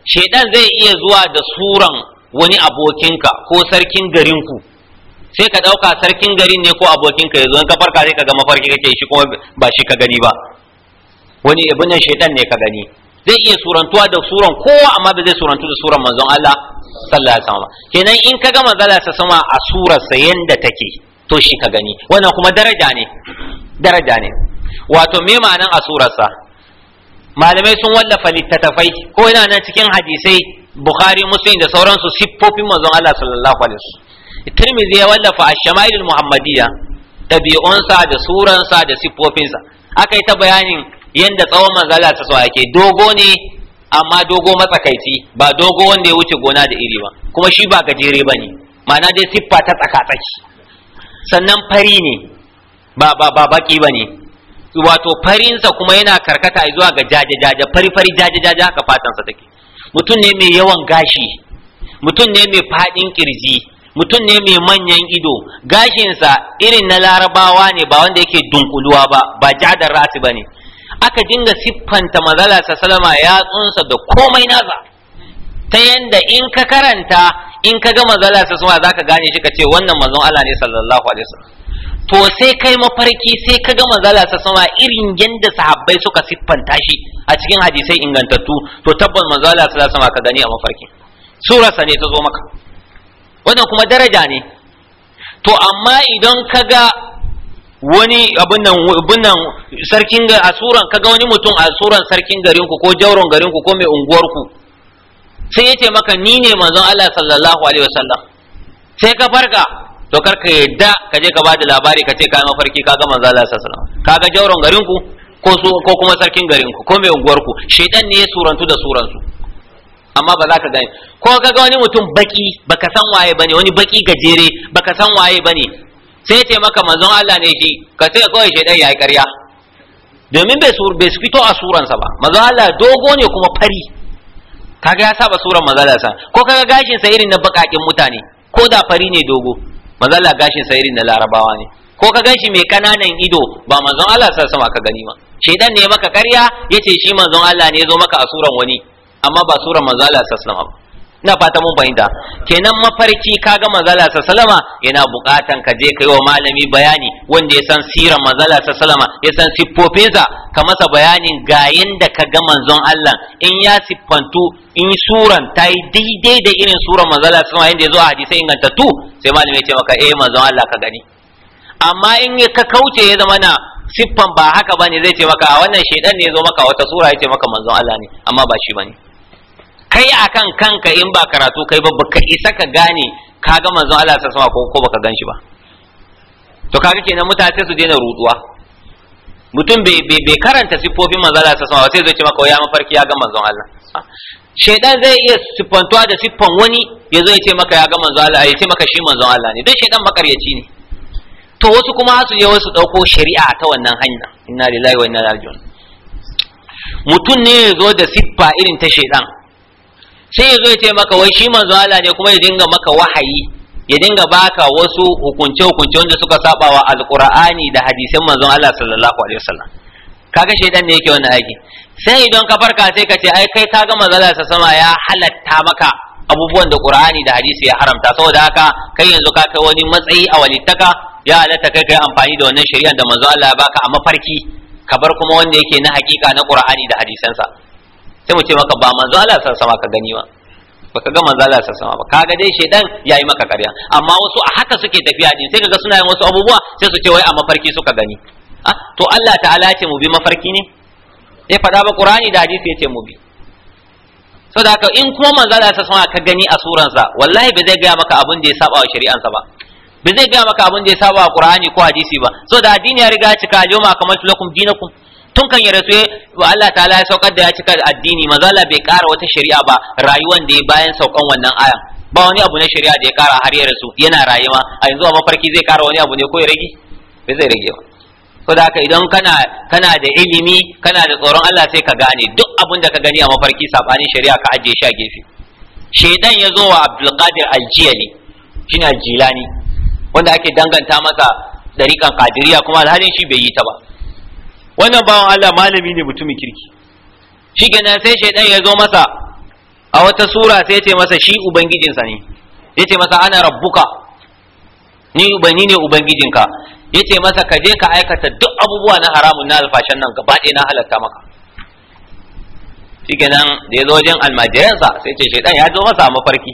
shaitan zai iya zuwa da suran wani abokinka ko sarkin garinku sai ka ɗauka sarkin garin ne ko abokin ka yanzu ka farka sai ka ga mafarki kake shi kuma ba shi ka gani ba wani ibn shaitan ne ka gani zai iya surantuwa da suran kowa amma ba zai surantu da suran manzon Allah sallallahu alaihi wasallam kenan in ka ga manzala sa sama a surar sa yanda take to shi ka gani wannan kuma daraja ne daraja ne wato me ma'anan a surar sa malamai sun wallafa littattafai ko ina nan cikin hadisai bukhari muslim da sauransu siffofin manzon Allah sallallahu alaihi wasallam tirmizi ya wallafa a al muhammadiyya ɗabi'unsa da suransa da siffofinsa aka yi ta bayanin yadda tsawon manzala ta so yake dogo ne amma dogo matsakaici ba dogo wanda ya wuce gona da iri ba kuma shi ba gajere ba ne ma'ana dai siffa ta tsakatsaki sannan fari ne ba ba ba baki ba ne wato farinsa kuma yana karkata zuwa ga jaje-jaje fari-fari jaje-jaje haka fatansa take mutum ne mai yawan gashi mutum ne mai faɗin kirji mutum ne mai manyan ido gashinsa irin na larabawa ne ba wanda yake dunkuluwa ba ba jadar rasi ba ne aka dinga siffanta mazala sa salama ya tsunsa da komai nasa ta yanda in ka karanta in ka ga mazala sa salama za ka gane shi ka ce wannan mazan Allah ne sallallahu alaihi wasallam to sai kai mafarki sai ka ga mazala sa sama irin yanda sahabbai suka siffanta shi a cikin hadisai ingantattu to tabbas mazala sa sama ka gani a mafarki surarsa ne ta zo maka wannan kuma daraja ne to amma idan ka ga wani abin nan sarkin a suran kaga wani mutum a asuran sarkin garin ku ko jauron ku ko mai unguwarku sai ya ce maka ni ne manzon Allah sallallahu alaihi wasallam sai ka farka to kar ka yadda ka je ka bada labari ka ce ka mafarki kaga manzon Allah sallallahu alaihi wasallam kaga jauron ku ko su ko kuma sarkin garin ku ko mai unguwarku shedan ne ya surantu da suransu amma ba za ka gane ko kaga wani mutum baki baka san waye bane wani baki gajere baka san waye bane sai ce maka manzon Allah ne shi ka ce kawai shedan yayi ƙarya domin bai sur bai fito a sa ba manzon Allah dogo ne kuma fari kaga ya saba suran manzon Allah ko kaga gashin sa irin na bakakin mutane ko da fari ne dogo manzon Allah gashin sa irin na larabawa ne ko ka ganshi mai kananan ido ba manzon Allah sa sama ka gani ma shedan ne maka ƙarya yace shi manzon Allah ne zo maka a suran wani amma ba sura sallallahu alaihi wasallam ina fata mun bayyana kenan mafarki kaga alaihi wasallam yana bukatan ka je kai wa malami bayani wanda ya san sirar alaihi wasallam ya san siffofinsa ka masa bayanin ga yanda ka ga manzon Allah in ya siffantu in suran ta yi daidai da irin sallallahu alaihi wasallam yanda ya zo a hadisai ingantattu sai malami ya ce maka eh manzon Allah ka gani amma in ka kauce ya zama na siffan ba haka bane zai ce maka a wannan shedan ne ya zo maka wata sura ya ce maka manzon Allah ne amma ba shi bane kai akan kanka in ba karatu kai ba ka isa ka gane ka ga manzo Allah sa sama ko ko baka gan shi ba to kaga kenan mutane su daina ruduwa mutum bai bai karanta siffofin manzo Allah sa sama sai zai ce maka ya mafarki ya ga manzo Allah ah, shaidan zai iya sifantuwa da siffan wani ya zo ya ce maka ya ga manzo Allah ya ce maka shi manzo Allah ne don shaidan makaryaci ne to wasu kuma su je wasu dauko shari'a ta wannan hanya inna lillahi wa inna ilaihi raji'un mutum ne ya zo da siffa irin ta shaidan sai ya zo ya ce maka wai shi manzo Allah ne kuma ya dinga maka wahayi ya dinga baka wasu hukunce hukunce wanda suka saba wa alqur'ani da hadisin manzon Allah sallallahu alaihi wasallam kaga shedan ne yake wannan aiki sai idan ka farka sai ka ce ai kai kaga manzo Allah sama ya halatta maka abubuwan da qur'ani da hadisi ya haramta saboda haka kai yanzu ka kai wani matsayi a walittaka ya halatta kai kai amfani da wannan shari'ar da manzo Allah ya baka a mafarki ka bar kuma wanda yake na hakika na qur'ani da hadisansa sai mu ce maka ba manzo Allah san sama ka gani ba baka ga manzo Allah sama ba kaga dai shedan yayi maka ƙarya amma wasu a haka suke tafiya din sai kaga suna yin wasu abubuwa sai su ce wai a mafarki suka gani ah to Allah ta'ala ce mu bi mafarki ne ya faɗa ba Qur'ani da hadisi yace mu bi saboda haka in kuma manzo Allah sama ka gani a suransa wallahi ba zai ga maka abin da ya saba wa shari'ansa ba ba zai gaya maka abin da ya saba wa Qur'ani ko hadisi ba so da addini ya riga cika al-yawma akmaltu lakum dinakum tun kan ya rasu Allah ta ya saukar da ya cika addini mazala bai kara wata shari'a ba rayuwan da ya bayan saukan wannan ayan ba wani abu na shari'a da ya kara har ya rasu yana rayuwa a yanzu a mafarki zai kara wani abu ne ko ya rage bai zai rage ba Ko da haka idan kana kana da ilimi kana da tsoron Allah sai ka gane duk abin da ka gani a mafarki sabanin shari'a ka ajiye shi a gefe shedan ya zo wa Abdul Qadir Al-Jilani shine Al-Jilani wanda ake danganta masa dariƙan Qadiriyya kuma alhalin shi bai yi ta ba wannan bawan Allah malami ne mutumin kirki Shi shikenan sai shaidan ya zo masa a wata sura sai ya ce masa shi ubangijinsa ne ya ce masa ana rabbuka ni ubani ne ubangijinka ya ce masa ka je ka aikata duk abubuwa na haramun na alfashan nan gaba ɗaya na halatta maka shi shikenan da ya zo wajen almajiransa sai ce shaidan ya zo masa a mafarki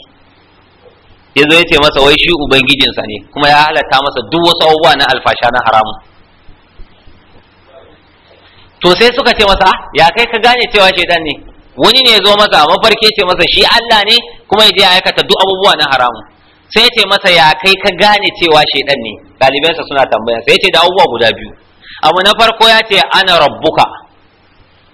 ya zo ya ce masa wai shi ubangijinsa ne kuma ya halatta masa duk wasu abubuwa na alfasha na haramun to sai suka ce masa ah, ya kai ka gane cewa shaidan ne wani ne zo masa mafarki ce masa shi Allah ne kuma yaje aikata duk abubuwa na haramu sai ce masa ya kai ka gane cewa shaidan ne ɗalibansa suna tambaya sai ce da abubuwa guda biyu abu na farko ya ce ana rabbuka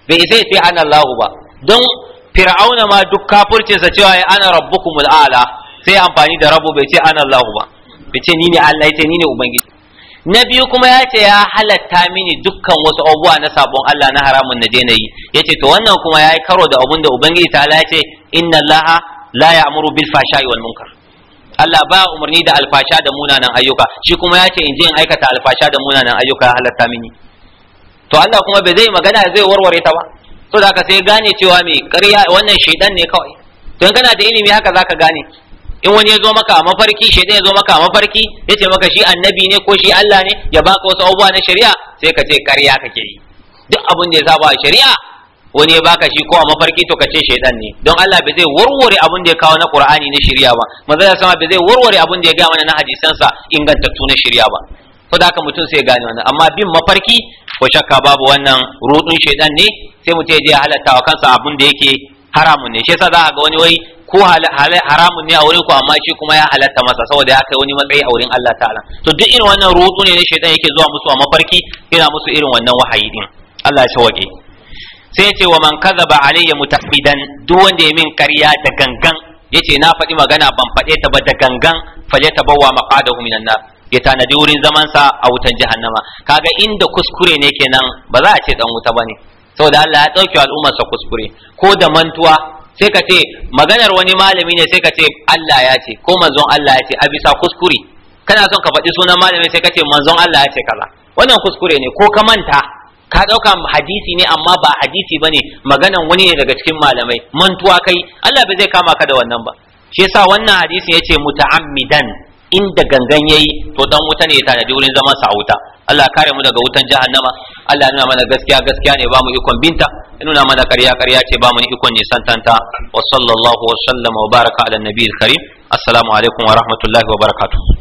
bai sai ce ana Allah ba don fir'auna ma duk sa cewa ya ana rabbukumul a'la sai amfani da rabu bai ce ana Allah ba bai ce ni ne Allah ya ce ni ne ubangiji na biyu kuma ya ce ya halatta mini dukkan wasu abubuwa na sabon Allah na haramun na daina yi ce to wannan kuma ya yi karo da abun da ubangiji ta ya ce inna Allah la amuru bil fashai wal munkar Allah ba umarni da alfasha da munanan ayyuka shi kuma ya ce in je in aikata alfasha da munanan ayyuka ya halatta mini to Allah kuma bai zai magana zai warware ta ba to da ka sai gane cewa me ƙarya wannan shaidan ne kawai to in kana da ilimi haka zaka gane in wani ya zo maka a mafarki shaidan ya zo maka a mafarki ya ce maka shi annabi ne ko shi Allah ne ya baka wasu abubuwa na shari'a sai ka ce karya kake yi duk abin da ya saba a shari'a wani ya baka shi ko a mafarki to ka ce shaidan ne don Allah bai zai warware abin da ya kawo na Qur'ani na shari'a ba manzo ya sama bai zai warware abin da ya gaya mana na hadisansa ingantattu na shari'a ba Ko da haka mutum sai gane wannan amma bin mafarki ko shakka babu wannan rudun shaidan ne sai mutum ya je halatta wa kansa abin da yake haramun ne shi yasa za a ga wani wai ko haramun ne a wurin ku amma shi kuma ya halatta masa saboda ya kai wani matsayi a wurin Allah ta'ala to duk irin wannan rutsu ne ne shaitan yake zuwa musu a mafarki yana musu irin wannan wahayi din Allah ya shawage sai ya ce wa man kadhaba alayya mutaqqidan duk wanda ya min ƙarya da gangan yace na faɗi magana ban faɗe ta ba da gangan falyatabawwa maqadahu minan nar ya tanadi wurin zaman sa a wutan jahannama kaga inda kuskure ne kenan ba za a ce dan wuta bane saboda Allah ya dauke al'ummar sa kuskure ko da mantuwa sai ka ce maganar wani malami ne sai ka ce Allah ya ce ko manzon Allah ya ce a bisa kuskure kana son ka faɗi sunan malami sai ka ce manzon Allah ya ce kaza wannan kuskure ne ko ka manta ka ɗauka hadisi ne amma ba hadisi ba ne maganan wani ne daga cikin malamai mantuwa kai Allah ba zai kama ka da wannan ba shi yasa wannan hadisi ya ce muta'ammidan inda gangan yayi to dan wuta ne ya tanadi wurin zaman sa a wuta Allah kare mu daga wutan jahannama Allah nuna mana gaskiya gaskiya ne ba mu ikon binta nuna mana karya, karya ce ba mu ikon nisantanta wa sallallahu wa sallama wa baraka ala nabiyil karim assalamu alaikum wa rahmatullahi wa barakatuh